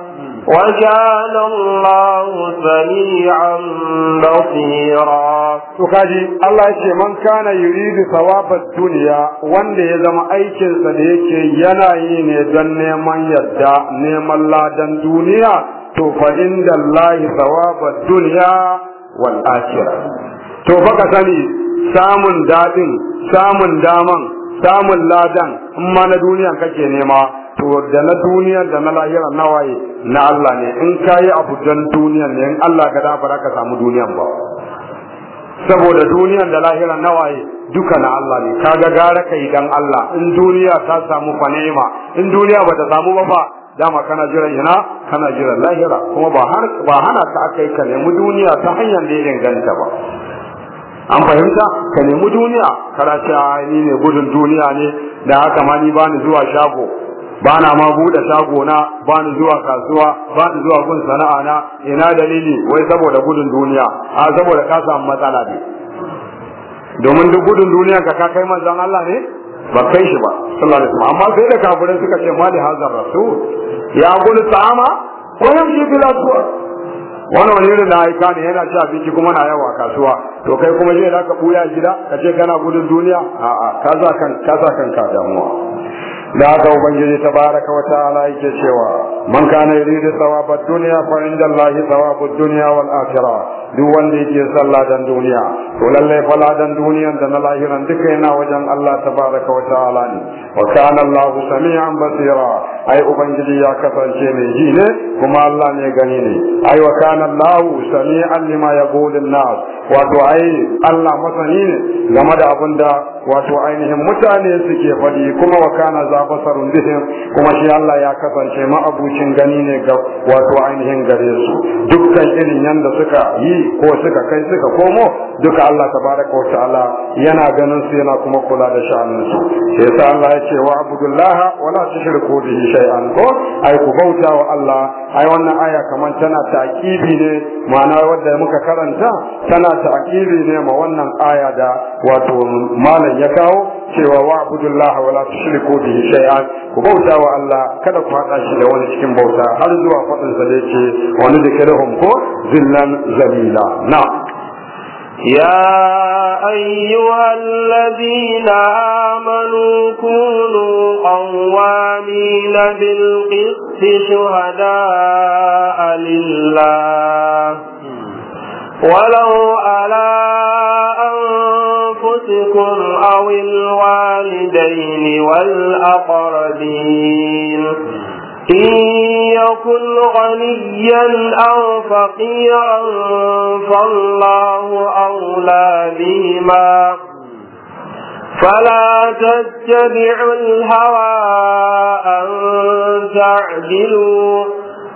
وكان الله سميعا بصيرا tukaji Allah ce man kana yuridu sawabat duniya wanda ya zama aikinsa da yake yana yi ne don neman yarda neman ladan duniya to fa inda Allah duniya wal akhirah to ka sani samun daɗin, samun daman samun ladan in ma na duniya kake nema to da na duniya da na lahira nawaye na Allah ne in yi abu don duniya ne in Allah ka da ba ka samu duniyan ba saboda duniyan da lahira nawaye duka na Allah ne kaga gara kai dan Allah in duniya ta samu fa in duniya bata samu ba fa dama kana jiran ina kana jiran lahira kuma ba har ba hana ka akai ka nemi duniya ta hanyar da ya ganta ba an fahimta ka nemi duniya kana ni ne gudun duniya ne da haka ma ni bani zuwa shago bana na ma buɗe shago na bani ni zuwa kasuwa ba ni zuwa gun sana'a na ina dalili wai saboda gudun duniya a saboda ka samu matsala ne domin duk gudun duniya ka ka kai manzon Allah ne ba kai shi ba sallallahu alaihi amma sai da kafirin suka ce mali hazar rasul ya gudu ko yin shi bil aswaq wani wani irin na aika ne yana ci abinci kuma na yawa kasuwa to kai kuma zai ka buya gida ka ce kana gudun duniya a'a ka za kan ka za kan ka damuwa da haka ubangiji tabaraka wa ta'ala yake cewa man kana yuridu thawaba dunya fa inda allahi thawabu dunya wal akhirah duk wanda yake son dan duniya to lallai fa dan duniya da na lahiran duka yana wajen Allah tabaraka wa ta'ala ne wa kana Allahu sami'an basira ai ubangiji ya kasance mai ji ne kuma Allah ne gani ne ai wa kana Allahu sami'an lima yaqulun nas wato ai Allah masani ne game da abin da wato ainihin mutane suke faɗi kuma wa kana za basarun bihim kuma shi Allah ya kasance abucin gani ne ga wato ainihin gare su dukkan irin yanda suka yi ko suka kai suka komo duka Allah tabaraka wa ta'ala yana ganin su yana kuma kula da sha'anin su sai Allah ya ce wa abdullah wala tushriku bihi shay'an ko ai ku bauta wa Allah ai wannan aya kaman tana ta'kibi ne ma'ana wanda muka karanta tana ta'kibi ne ma wannan aya da wato malam ya kawo cewa wa abudullahi wala tushriku bihi shay'an ku bauta wa Allah kada ku hada shi da wani cikin bauta har zuwa fadin sa da yake wani zikrihum ko zillan zalila na'am يا أيها الذين آمنوا كونوا قوامين بالقسط شهداء لله ولو على أنفسكم أو الوالدين والأقربين إن يكن غنيا أو فقيرا فالله أولى بهما فلا تتبعوا الهوى أن تعدلوا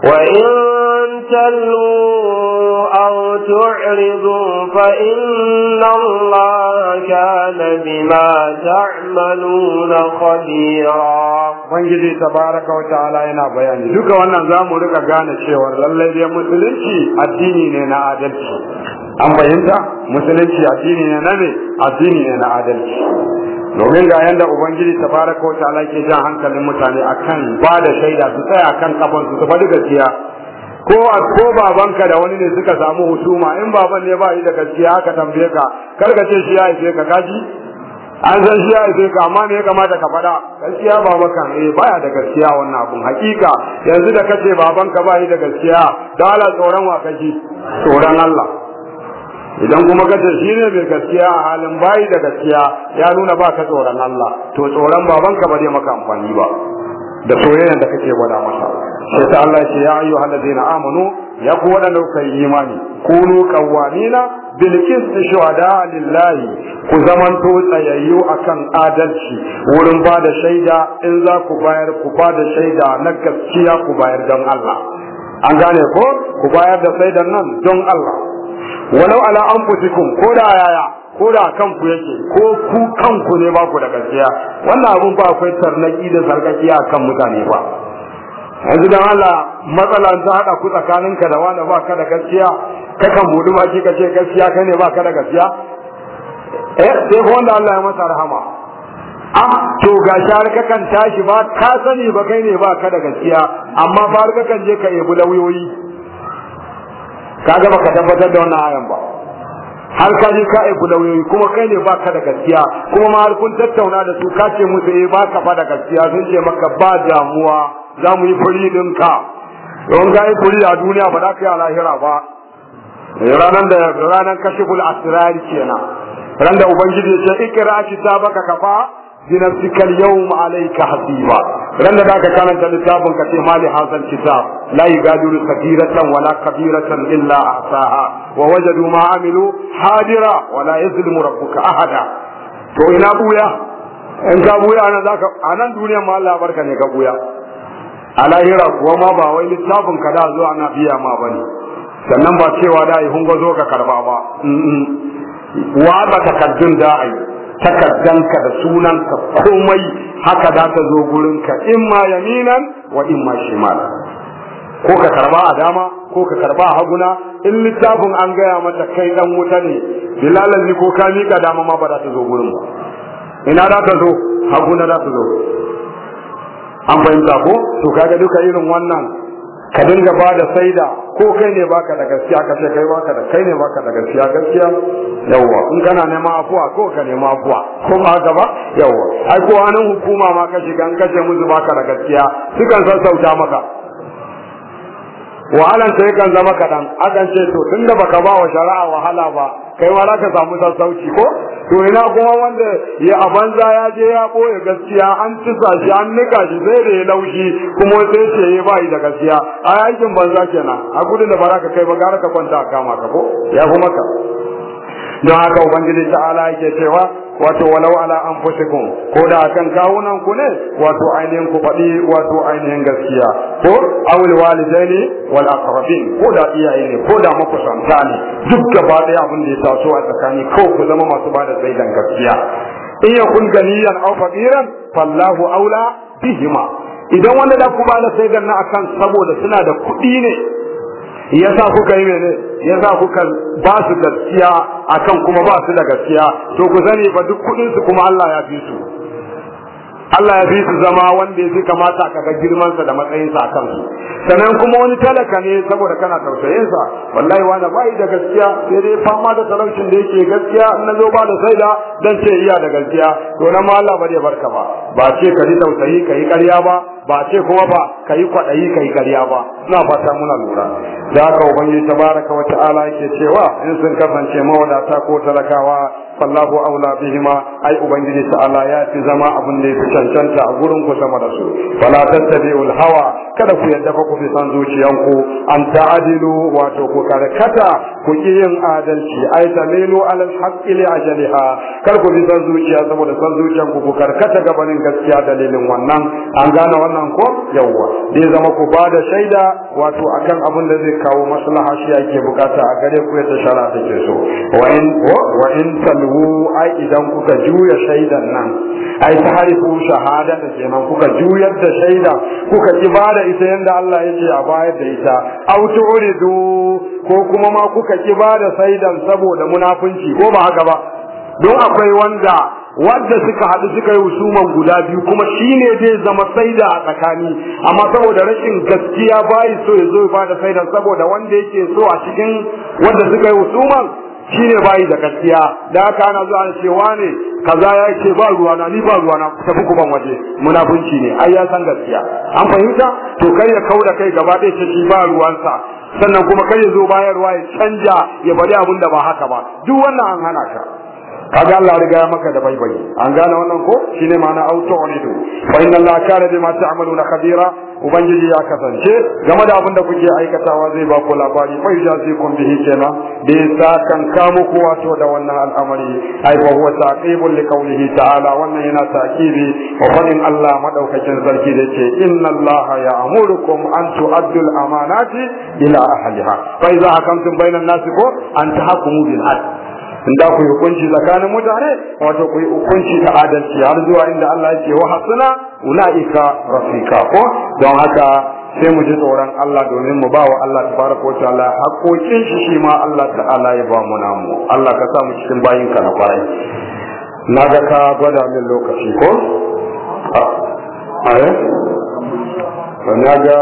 وإن تلوا أو تعرضوا فإن الله كان بما تعملون خبيرا Ubangiji tabaraka wa ta'ala yana bayani duka wannan za mu rika gane cewar lallai dai musulunci addini ne na adalci an fahimta musulunci addini ne na ne addini ne na adalci domin ga yanda ubangiji fara ko ta'ala ke jan hankalin mutane akan ba da shaida su tsaya kan kafan su faɗi gaskiya ko a ko babanka da wani ne suka samu husuma in baban ne ba yi da gaskiya aka tambaye ka kar ka ce shi ya haife ka kaji an san shi ya haife ka amma me ya kamata ka faɗa gaskiya babanka eh baya da gaskiya wannan abun hakika yanzu da kace babanka ba yi da gaskiya da tsoron wa kaji tsoron Allah idan kuma ka ce shi ne mai gaskiya a halin bayi da gaskiya ya nuna ba ka tsoron Allah to tsoron babanka ba zai maka amfani ba da soyayyar da kake gwada masa sai ta Allah ce ya ayyuha allazina amanu ya ku wadanda kuka yi imani kunu qawwamina bil qist shuhada lillahi ku zaman zamanto tsayayyu akan adalci wurin ba da shaida in za ku bayar ku ba da shaida na gaskiya ku bayar don Allah an gane ko ku bayar da shaidan nan don Allah walau ala anfusikum ko da yaya ko da kanku yake ko ku kanku ne ba ku da gaskiya wannan abun ba akwai tarnaki da sarkakiya kan mutane ba yanzu dan Allah matsala ta hada ku tsakaninka da wani ba ka da gaskiya kakan budu ba ka kace gaskiya kane ne ba ka da gaskiya eh sai ko wanda Allah ya masa rahama ah to ga shar kakan tashi ba ka sani ba kai ne ba ka da gaskiya amma ba kakan je ka ebi lauyoyi kaga baka tabbatar da wannan ayan ba har ka ji ka aiku lauyoyi kuma kai ne baka da gaskiya kuma ma har kun tattauna da su ka ce musu eh baka fa da gaskiya sun ce maka ba damuwa za mu yi furi ka don ka yi furi a duniya ba za ka yi a lahira ba ranar da ranar kashiful sirari kenan ran da ubangiji ya ce ikra kitabaka kafa bi nafsika al ka alayka hasiba ran da zaka karanta littafin ka ce mali hazal kitab la yugadiru kabiratan wala kabiratan illa ahsaha wa wajadu ma amilu hadira wala yazlimu rabbuka ahada to ina buya in ka buya anan zaka anan duniyar ma Allah barka ne ka buya a lahira kuwa ma ba wai littafin ka da zuwa na biya ma bane sannan ba cewa da yi hungo zo ka karba ba wa'a ba takaddun da ai takaddanka da sunanka komai haka za ta zo gurinka in ma yaminan wa in ma shimal ko ka karba a dama ko ka karba a haguna in littafin an gaya mata kai dan wuta ne bilalan ni ko ka mika dama ma ba za ta zo gurin ba ina za ta zo haguna za ta zo an fahimta ko to kaga duka irin wannan ka dinga ba da saida ko kai ne baka da gaskiya ka sai kai baka da kai ne baka da gaskiya gaskiya yawa in kana neman afuwa ko ka neman afuwa ko ba gaba yawa ai ko anan hukuma ma ka shiga an ka ce musu baka da gaskiya sukan sassauta maka alan sai kan zama kaɗan akan ce to tunda baka ba wa shari'a wahala ba kai ma zaka samu sassauci ko to ina kuma wanda ya a banza ya je ya boye gaskiya an tisa shi an nika shi sai da ya laushi kuma sai ce ya bai da gaskiya a yakin banza kenan a gudu da ba ka kai ba gara ka kwanta a kama ka ko ya fi maka don haka ubangiji ta'ala yake cewa wato walau ala anfusikum ko da kan kawunan ku ne wato ainihin ku wato ainihin gaskiya ko awul walidaini wal aqrabin ko da iyaye ne ko da makusanta ne duk gaba ɗaya abin da ya taso a tsakani ko ku zama masu ba da gaskiya in yakun ganiyan aw faqiran fallahu aula bihima idan wanda da ku ba da na akan saboda suna da kuɗi ne yasa kuka yi mene yasa kuka ba su gaskiya akan kuma ba su da gaskiya to ku sani ba duk kudin su kuma Allah ya fi su Allah ya fi su zama wanda ya fi kamata ka ga girmansa da matsayinsa a kansu sannan kuma wani talaka ne saboda kana tausayinsa wallahi wani bai da gaskiya sai dai fama da talaucin da yake gaskiya in na zo ba da saida dan ce iya da gaskiya to na ma Allah ba barka ba ba ce ka yi tausayi ka yi ƙarya ba ba ce kuma ba ka yi kwaɗayi ka yi ƙarya ba ina fata muna lura da haka ubangiji tabaraka wata ala yake cewa in sun kasance mawadata ko talakawa fallahu aula bihima ai ubangiji ala ya fi zama abin da yake cancanta a gurin ku sama da su fala tattabi'ul hawa kada ku yadda ku fi san zuciyanku an ta'adilu wato ku karkata ku ki yin adalci ai tamilu alal haqqi li ajliha kar ku bi san zuciya saboda san zuciyanku ku karkata gabanin gaskiya dalilin wannan an gane wannan ko yawwa dai zama ku ba da shaida wato akan abin da zai kawo maslaha shi ake bukata a gare ku yadda shara take so wa in wa in tarifu ai idan kuka juya shaidan nan ai tarifu shahada da kenan kuka juyar da shaida kuka ki bada ita yanda Allah ya ce a bayar da ita au turidu ko kuma ma kuka ki bada shaidan saboda munafunci ko ba haka ba don akwai wanda wadda suka haɗu suka yi husuman guda biyu kuma shi ne zai zama saida a tsakani amma saboda rashin gaskiya bai so ya zo ya bada saidan saboda wanda yake so a cikin wanda suka yi husuman Shi ne bayi da gaskiya da aka ana zuwa ne cewa ne kaza ya ce ba ruwa na ni ba ruwa na tafi ku ban waje munafunci ne ai ya san gaskiya an fahimta to kai ya kauda kai gaba ɗaya ce shi ba ruwansa sannan kuma kai ya zo bayarwa ya canja ya bari abin da ba haka ba duk wannan an hana ka kaga Allah riga maka da baibai an gane wannan ko shine ma'ana auto ulidu fa inna Allah kana bima ta'maluna khabira ubangiji ya kasance game da abin da kuke aikatawa zai ba ku labari fa yujazikum bihi kenan da kan kamo ku wato da wannan al'amari ai fa huwa taqibul liqaulihi ta'ala wannan yana takibi wa fadin Allah madaukakin sarki da ce. inna Allah ya'murukum an tu'addu al-amanati ila ahliha fa idza hakamtum bainan nasi ko an tahkumu bil adl inda ku yi hukunci tsakanin mutane wato ku yi hukunci ta adalci har zuwa inda Allah yake wa hasuna ulaika rafiqa ko don haka sai mu ji tsoron Allah domin mu ba wa Allah tabaraka wa ta'ala haƙoƙin shi shi ma Allah ta'ala ya ba mu namu Allah ka sa mu cikin ka na kwarai na ga ka gwada min lokaci ko ah, aye na ga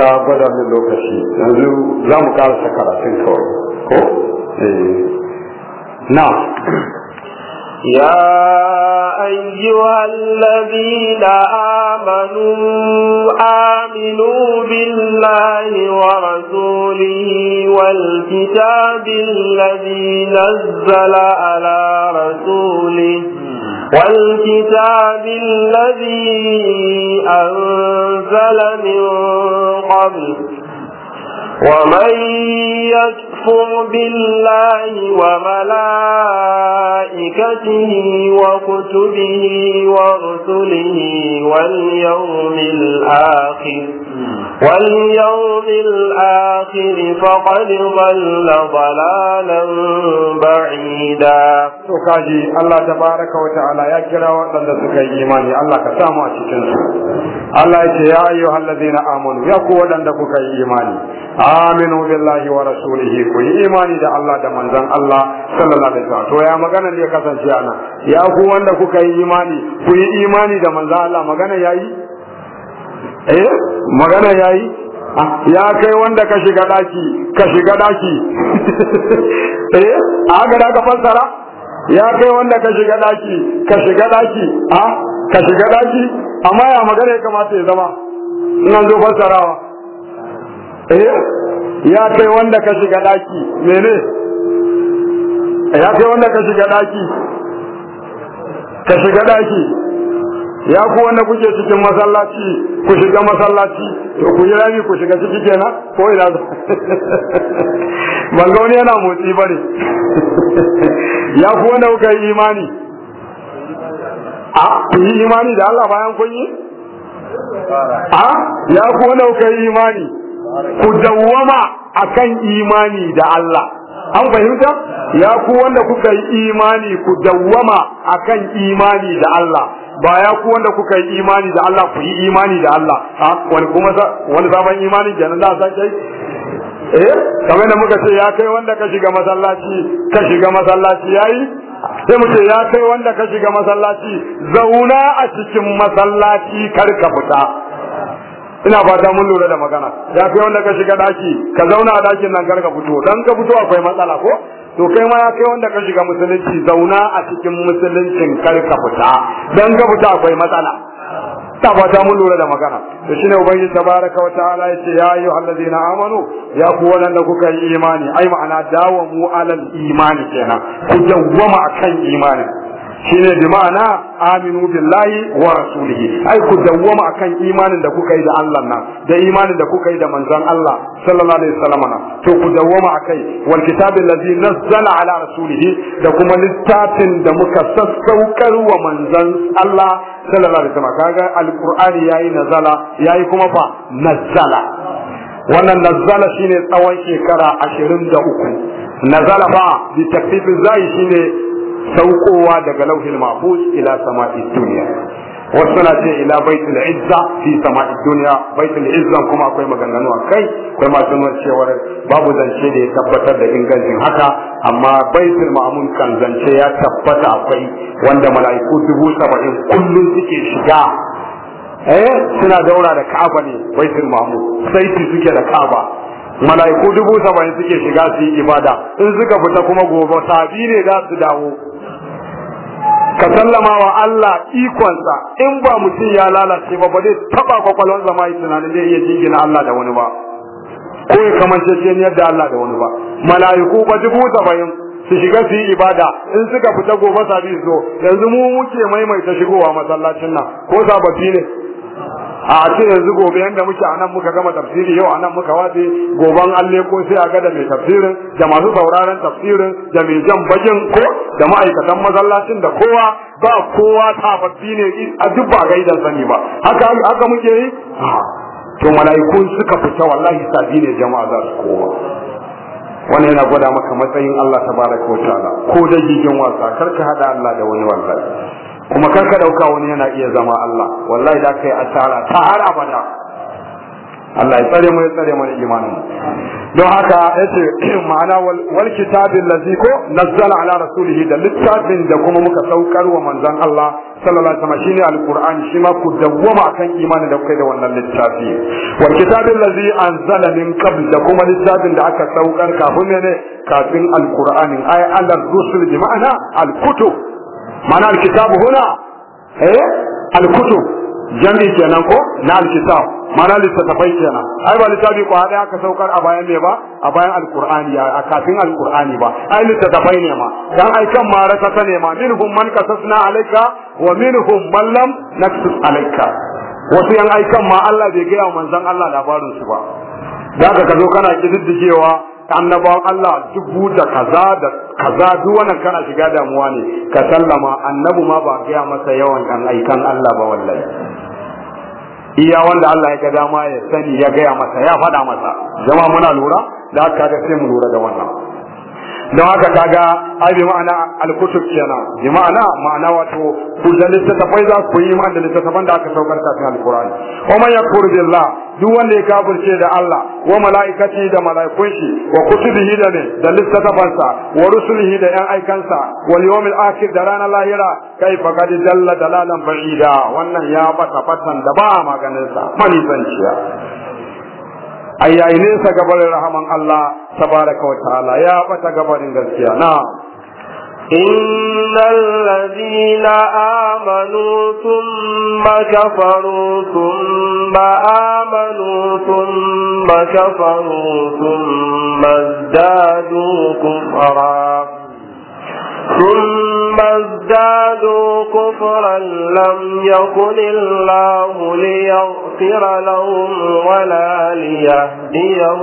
ka gwada min lokaci yanzu za mu karasa karatun kawai ko eh نعم يا أيها الذين آمنوا آمنوا بالله ورسوله والكتاب الذي نزل على رسوله والكتاب الذي أنزل من قبل ومن يكفر بالله وملائكته وكتبه ورسله واليوم الآخر واليوم الآخر فقد ضل ضلالا بعيدا سكاجي الله تبارك وتعالى يا كرا وأن سكاجي إيماني الله كسام كسامة الله يا أيها الذين آمنوا يا قوة أن إيماني aminu billahi wa rasulihi ku yi imani da Allah da manzon Allah sallallahu alaihi wasallam to ya magana ne kasance ana ya ku wanda kuka yi imani ku yi imani da manzon Allah magana yayi eh magana yayi ah, ya kai wanda ka shiga daki ka shiga daki eh a ga ka fassara ya kai wanda ka shiga daki ka shiga daki a ah, ka shiga daki amma ya magana ya kamata ya zama nan zo fassarawa eh ya kai wanda ka shiga daki mene ya kai wanda ka shiga daki ka shiga daki ya ku wanda kuke cikin masallaci ku shiga masallaci to ku yi rami ku shiga ciki kenan ko ina ban ga wani yana motsi bane ya ku wanda kuka yi imani a ku yi imani da Allah bayan kun yi a ya ku wanda kuka yi imani ku dawwama akan imani da Allah an fahimta ya ku wanda kuka yi imani ku dawwama akan imani da Allah ba ya ku wanda kuka yi imani da Allah ku yi imani da Allah wani kuma wani sabon imanin kenan da sa kai eh kamar da muka ce ya kai wanda ka shiga masallaci ka shiga masallaci yayi sai mu ce ya kai wanda ka shiga masallaci zauna a cikin masallaci kar ka fita ina fata mun lura da magana da fi wanda ka shiga daki ka zauna a dakin nan kar ka fito dan ka fito akwai matsala ko to kai ma kai wanda ka shiga musulunci zauna a cikin musuluncin kar ka fita dan ka fita akwai matsala ta fata mun lura da magana to shine ubangiji tabaraka wa ta'ala yace ya ayyuhal ladina amanu ya ku wanda kuka yi imani ai ma'ana dawamu alal imani kenan ku dawwama akan imani shine bi ma'ana aminu billahi wa rasulihi ai ku dawwama akan imanin da kuka yi da Allah nan da imanin da kuka yi da manzon Allah sallallahu alaihi wasallam nan to ku dawwama akai wal kitabil allazi nazzala ala rasulihi da kuma littafin da muka sassaukar wa manzon Allah sallallahu alaihi wasallam kaga alqur'ani yayi nazala yayi kuma fa nazala wannan nazala shine tsawon shekara 23 nazala fa bi takfifin zai shine saukowa daga lauhin mahfuz ila sama'i duniya wasu suna ce ila baitul izza fi sama'i duniya baitul izza kuma akwai maganganu a kai akwai masu nuna cewar babu zance da ya tabbatar da ingancin haka amma baitul mamun kan zance ya tabbata akwai wanda mala'iku dubu saba'in kullum suke shiga eh suna daura da ka'aba ne baitul ma'mun saiti suke da ka'aba mala'iku dubu saba'in suke shiga su yi ibada in suka fita kuma gobe sabi ne za su dawo ka sallama wa Allah ikonsa in ba mutum ya lalace ba ba zai taba kwakwalwar zama yi tunanin zai iya jingina Allah da wani ba ko ya kamance yadda Allah da wani ba mala'iku ba dubu saba'in su shiga su yi ibada in suka fita gobe sabi zo yanzu mu muke maimaita shigowa masallacin nan ko sababbi ne a ce yanzu gobe yanda muke a nan muka gama tafsiri yau a nan muka wace goban alle ko sai a ga da mai tafsirin da masu sauraron tafsirin da mai jan bajin ko da ma'aikatan masallacin da kowa ba kowa tababbi ne a duk ba gaidan sani ba haka haka muke yi to malaikun suka fita wallahi sabi ne jama'a za su koma wannan yana gwada maka matsayin Allah tabaraka wa ta'ala ko da gigin wasa karka hada Allah da wani wallahi kuma kar ka dauka wani yana iya zama Allah wallahi da kai asara ta har abada Allah ya tsare mu ya tsare mana imanin don haka yace ma'ana wal kitabin lazi ko nazzala ala rasulihi da littafin da kuma muka saukar wa manzon Allah sallallahu alaihi wasallam shine alqur'ani shi ma ku dawwama kan imani da kai da wannan littafi wal kitabin lazi anzala min qabl da kuma littafin da aka saukar kafin ne kafin alqur'ani ay ala rusul bi ma'ana al kutub mana alkitabu huna eh alkutub jami'i kenan ko na alkitab mana littattafai kenan ai ba littafi ko hada aka saukar a bayan ne ba a bayan alqur'ani a kafin alqur'ani ba ai littattafai ne ma dan ai ma rasa ne ma minhum man kasasna alayka wa minhum man lam naksus alayka wasu yan aikan ma Allah bai gaya manzon Allah labarin su ba zaka ka zo kana kididdigewa annabawan Allah dubu da kaza da kaza duk wannan kana shiga damuwa ne ka sallama annabu ma ba gaya masa yawan kan aikan Allah ba wallahi iya wanda Allah ya ga dama ya sani ya gaya masa ya faɗa masa jama'a muna lura da haka ga sai mu lura da wannan don haka kaga ai bi ma'ana al-kutub kenan bi ma'ana ma'ana wato kullal littafai za ku yi ma'ana littafan da aka saukar cikin al-Qur'ani wa man yakfur billah duk wanda ya kafirce da Allah wa mala'ikati da mala'ikun wa kutubihi da ne da littafansa wa rusulihi da yan aikansa wal yawmil akhir da ranar lahira kai fa kad dalla dalalan ba'ida wannan ya fata fatan da ba maganin sa manisanciya a yayi nesa gabar rahaman Allah tabaraka wa ta'ala ya bata gabarin gaskiya na innal ladina amanu thumma kafaru thumma amanu thumma kafaru thumma zadu kufara ثم ازدادوا كفرا لم يكن الله ليغفر لهم ولا ليهديهم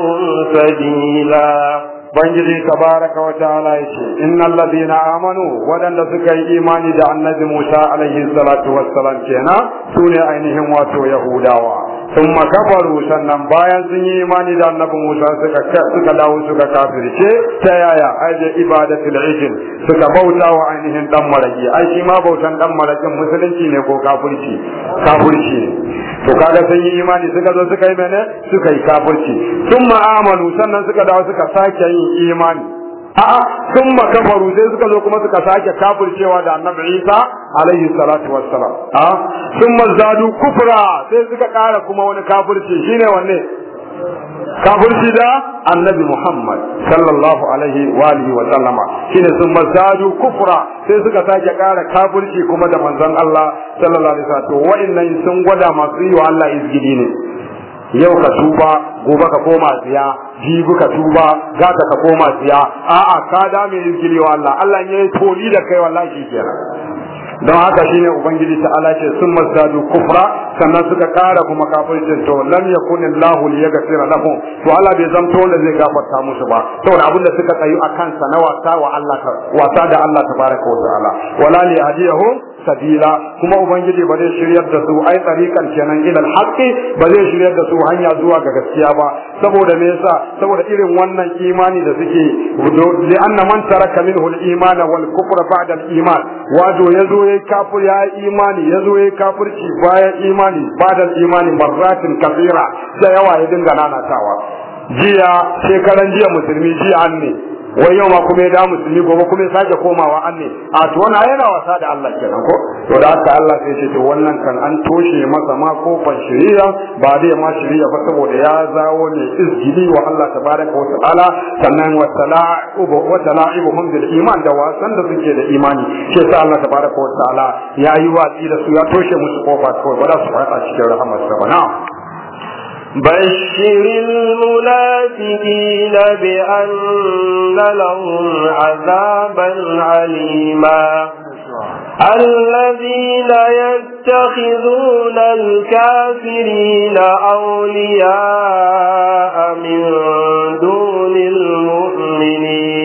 سبيلا Ubangiji tabaraka wa ta'ala yace innal ladina amanu wadanda suka yi imani da annabi Musa alaihi salatu wassalam kenan sune ainihin wato Yahudawa sun makabaru sannan bayan sun yi imani da annabin musa suka suka dawo suka kafirce ta yaya aje ibadatul ijil suka bauta wa ainihin dan maraki ai shi ma bautan dan marakin musulunci ne ko kafirci kafirci ne to kaga sun yi imani suka zo suka yi mene suka yi kafirci sun ma'amalu sannan suka dawo suka sake yin imani a'a sun makafaru sai suka zo kuma suka sake kafircewa da annabi isa alaihi salatu wassalam a sun mazadu kufra sai suka ƙara kuma wani kafirci shine wanne kafirci da annabi Muhammad sallallahu alaihi wa alihi wa sallama shine sun mazadu kufra sai suka sake ƙara kafirci kuma da manzon Allah sallallahu alaihi wa sallam to wa'annan sun gwada masu yi wa Allah izgidi ne yau ka tuba gobe ka koma siya jibi ka tuba gata ka koma siya a'a ka da mai izgili wa Allah Allah ya yi toli da kai wallahi kenan don haka shine ubangiji ta ala ce sun mazdadu kufra sannan suka kara kuma kafircin to lam yakun Allah li yaghfir lahum to Allah bai zamto wanda zai gafarta musu ba saboda abin da suka tsayu a kansa na wasa wa Allah wasa da Allah tabaraka wa ta'ala wala li sabila kuma ubangiji ba zai shiryar da su ai tariqan kenan ila alhaqi ba zai shiryar da su hanya zuwa ga gaskiya ba saboda me yasa saboda irin wannan imani da suke li anna man taraka minhu aliman wal kufra ba'da aliman iman wato yazo yayi kafir ya imani yazo yayi kafirci bayan imani ba'da al-imani marratin kabira da yawa ya dinga nanatawa jiya shekaran jiya musulmi jiya ne wai yau ma kuma ya da musulmi gobe kuma ya sake komawa an ne a to yana wasa da Allah kenan ko to da haka Allah sai ce to wannan kan an toshe masa ma kofar shari'a ba zai ma shari'a ba saboda ya zawo ne izgili wa Allah tabaraka wa ta'ala sannan wa tala'ubu wa tala'ibu hum iman da wasan da suke da imani shi sa Allah tabaraka wa ta'ala ya yi watsi da su ya toshe musu kofa kawai ba za su fada cikin rahamar sa ba na'am بشر المنافقين بأن لهم عذابا عليما الذين يتخذون الكافرين أولياء من دون المؤمنين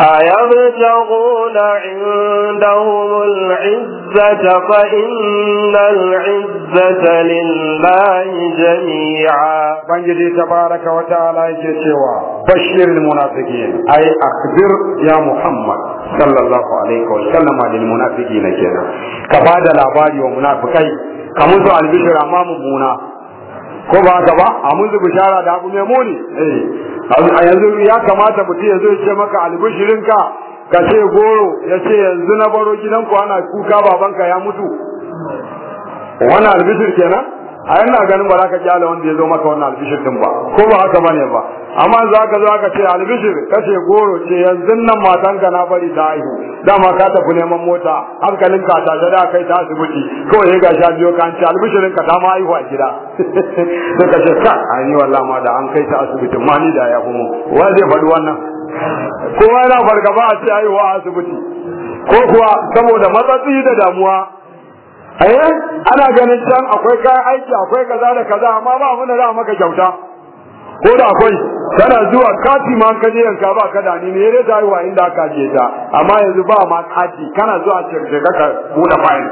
أيبتغون عندهم العزة فإن العزة لله جميعا بنجدي تبارك وتعالى يجسوا بشر المنافقين أي أخبر يا محمد صلى الله عليه وسلم للمنافقين كذا كبعد الأبار ومنافقين كمسوا البشر أمام المنافقين ko ba haka ba a mun zubu shara da abu mai muni eh. a yanzu ya kamata mutum ya zo ya ce maka albishirinka ka ce goro ya ce yanzu na baro gidanku ana kuka babanka ya mutu wannan albishir kenan a yana ganin ba za ka kyale wanda ya zo maka wannan albishir din ba ko ba haka ba ne ba amma za ka zo aka ce albishir kashe goro ce yanzu nan matanka na bari ta haihu dama ka tafi neman mota hankalin ka ta da kai ta asibiti kawai ya ga sha biyo ka ce albishirin ka ta ma haihu a gida sai ka ce ka ai yi ma da an kai ta asibitin ma ni da ya kuma wa zai faɗi wannan kowa yana fargaba a ce haihuwa a asibiti ko kuwa saboda matsatsi da damuwa eh ana ganin can akwai kayan aiki akwai kaza da kaza amma ba abin da za maka kyauta ko da akwai kana zuwa kati ma ka je yanka ba ka dani ne yare ta yawa inda aka je ta amma yanzu ba ma kati kana zuwa ce ka ka buɗe fayil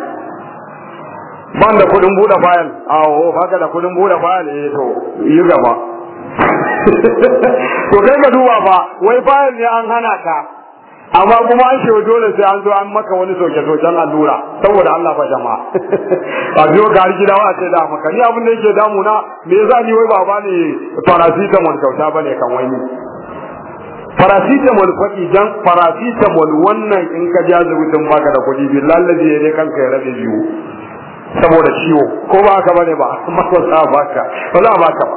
ban da kuɗin buɗe fayil awo haka da kuɗin buɗe fayil eh to yi gaba to kai ka duba fa wai fayil ne an hana ka amma kuma an shewa dole sai an zo an maka wani soke-soken allura saboda Allah ba jama'a a biyo ga har gida wa sai da maka ni abin da yake damuna me yasa ni wai ba ba ne paracetamol kyauta bane kan wani paracetamol faɗi dan paracetamol wannan in ka ja zubutun baka da kuɗi billahi lalle ne kanka ya rabe biyu saboda ciwo ko ba ka bane ba amma ba za a baka ba za a baka ba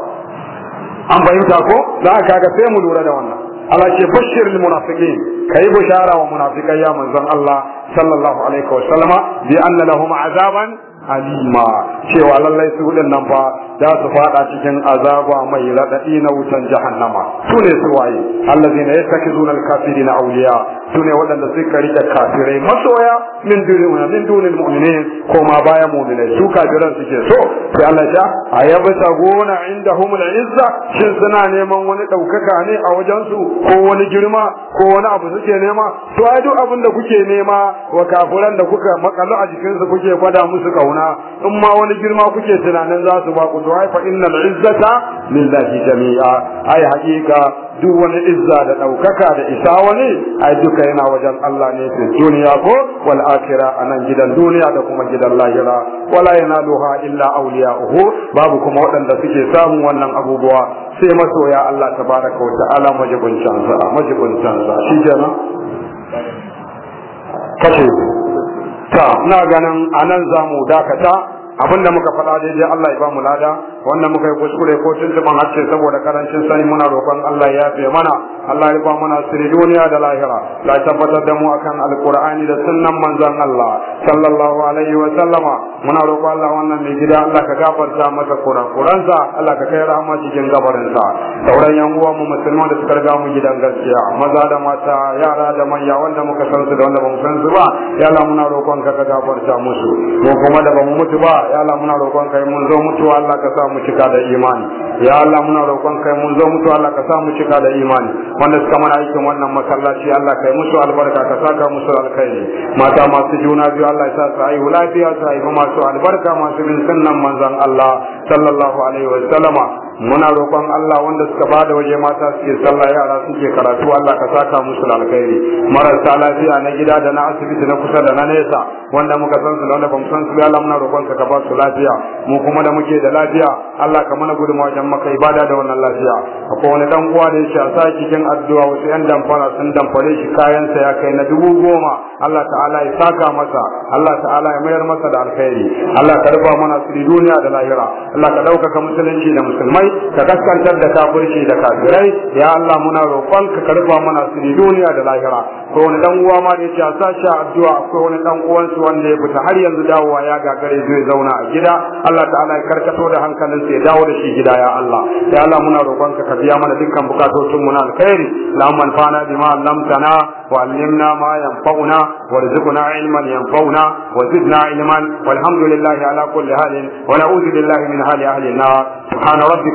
an fahimta ko za ka ga sai mu lura da wannan Allah ce bashir lil munafiqin kai bushara wa munafiqai ya manzon Allah sallallahu alaihi wa sallama bi anna lahum azaban alima cewa lallai su din nan fa za su fada cikin azaba mai radadi na wutan jahannama su ne su waye allazina yattakhizuna al-kafirina awliya sune waɗanda suka rike kafirai masoya min duni min duni mu'minin ko ma baya mu'minai su kafiran suke so sai Allah ya ta gona inda humul izza shin suna neman wani ɗaukaka ne a wajen su ko wani girma ko wani abu suke nema to ai duk abin da kuke nema wa kafiran da kuka makalu a jikin su kuke fada musu kauna in ma wani girma kuke tunanin za su ba ku to ai fa innal izzata lillahi jami'a ai hakika duk wani izza da ɗaukaka da isa wani ai duka yana wajen Allah ne sai duniya ko wal akhirah anan gidan duniya da kuma gidan lahira wala yanaluha illa awliya'uhu babu kuma waɗanda suke samun wannan abubuwa sai masoya Allah tabaraka wa ta'ala majibuncan sa majibuncan sa shi kenan kace ta na ganin anan zamu dakata abin da muka faɗa daidai Allah ya ba mu lada wannan muka yi kuskure ko tuntuban harshe saboda karancin sani muna roƙon Allah ya yafe mana Allah ya ba mana sirri duniya da lahira la tabbatar da mu akan alqur'ani da sunnan manzon Allah sallallahu alaihi wa sallama muna roƙon Allah wannan mai gida Allah ka gafarta masa kurakuransa Allah ka kai rahama cikin gabarinsa sauran yan uwa mu musulman da suka riga mu gidan gaskiya maza da mata yara da manya wanda muka san su da wanda ba mu san su ba ya Allah muna roƙon ka ka gafarta musu mu kuma da ba mu mutu ba ya Allah muna roƙon kai mun zo mutuwa Allah ka sa mu cika da imani ya Allah muna roƙon kai mun zo mutuwa Allah ka sa mu cika da imani wanda suka mana aikin wannan masallaci Allah kai musu albarka ka saka musu alkhairi mata masu juna biyu Allah ya sa su ayi lafiya su haihu masu albarka masu bin sunnan manzon Allah sallallahu alaihi wa sallama muna roƙon Allah wanda suka ba da waje mata suke sallah yara suke karatu Allah ka saka musu alkhairi marasa lafiya na gida da na asibiti na kusa da na nesa wanda muka san su da wanda bamu san su Allah muna roƙon ka ka ba su lafiya mu kuma da muke da lafiya Allah ka mana gudunmawa wajen maka ibada da wannan lafiya akwai wani dan uwa da yake a sa cikin addu'a wasu yan damfara sun damfare shi kayansa ya kai na dubu goma Allah ta'ala ya saka masa Allah ta'ala ya mayar masa da alkhairi Allah ka rufa mana su duniya da lahira Allah ka ɗaukaka musulunci da musulmai kafirai ka kaskantar da kafirci da kafirai ya Allah muna roƙon ka karba mana su duniya da lahira ko wani dan uwa ma da yake a sashi addu'a akwai wani dan uwan su wanda ya fita har yanzu dawowa ya gagare zai zauna a gida Allah ta'ala ya karkato da hankalin ya dawo da shi gida ya Allah ya Allah muna roƙon ka ka biya mana dukkan bukatocin mu na alkhairi la manfa'ana bima lamtana wa 'allimna ma yanfa'una warzuqna 'ilman yanfa'una wa zidna 'ilman walhamdulillahi ala kulli halin wa na'udzu billahi min hali ahli an-nar subhana rabbika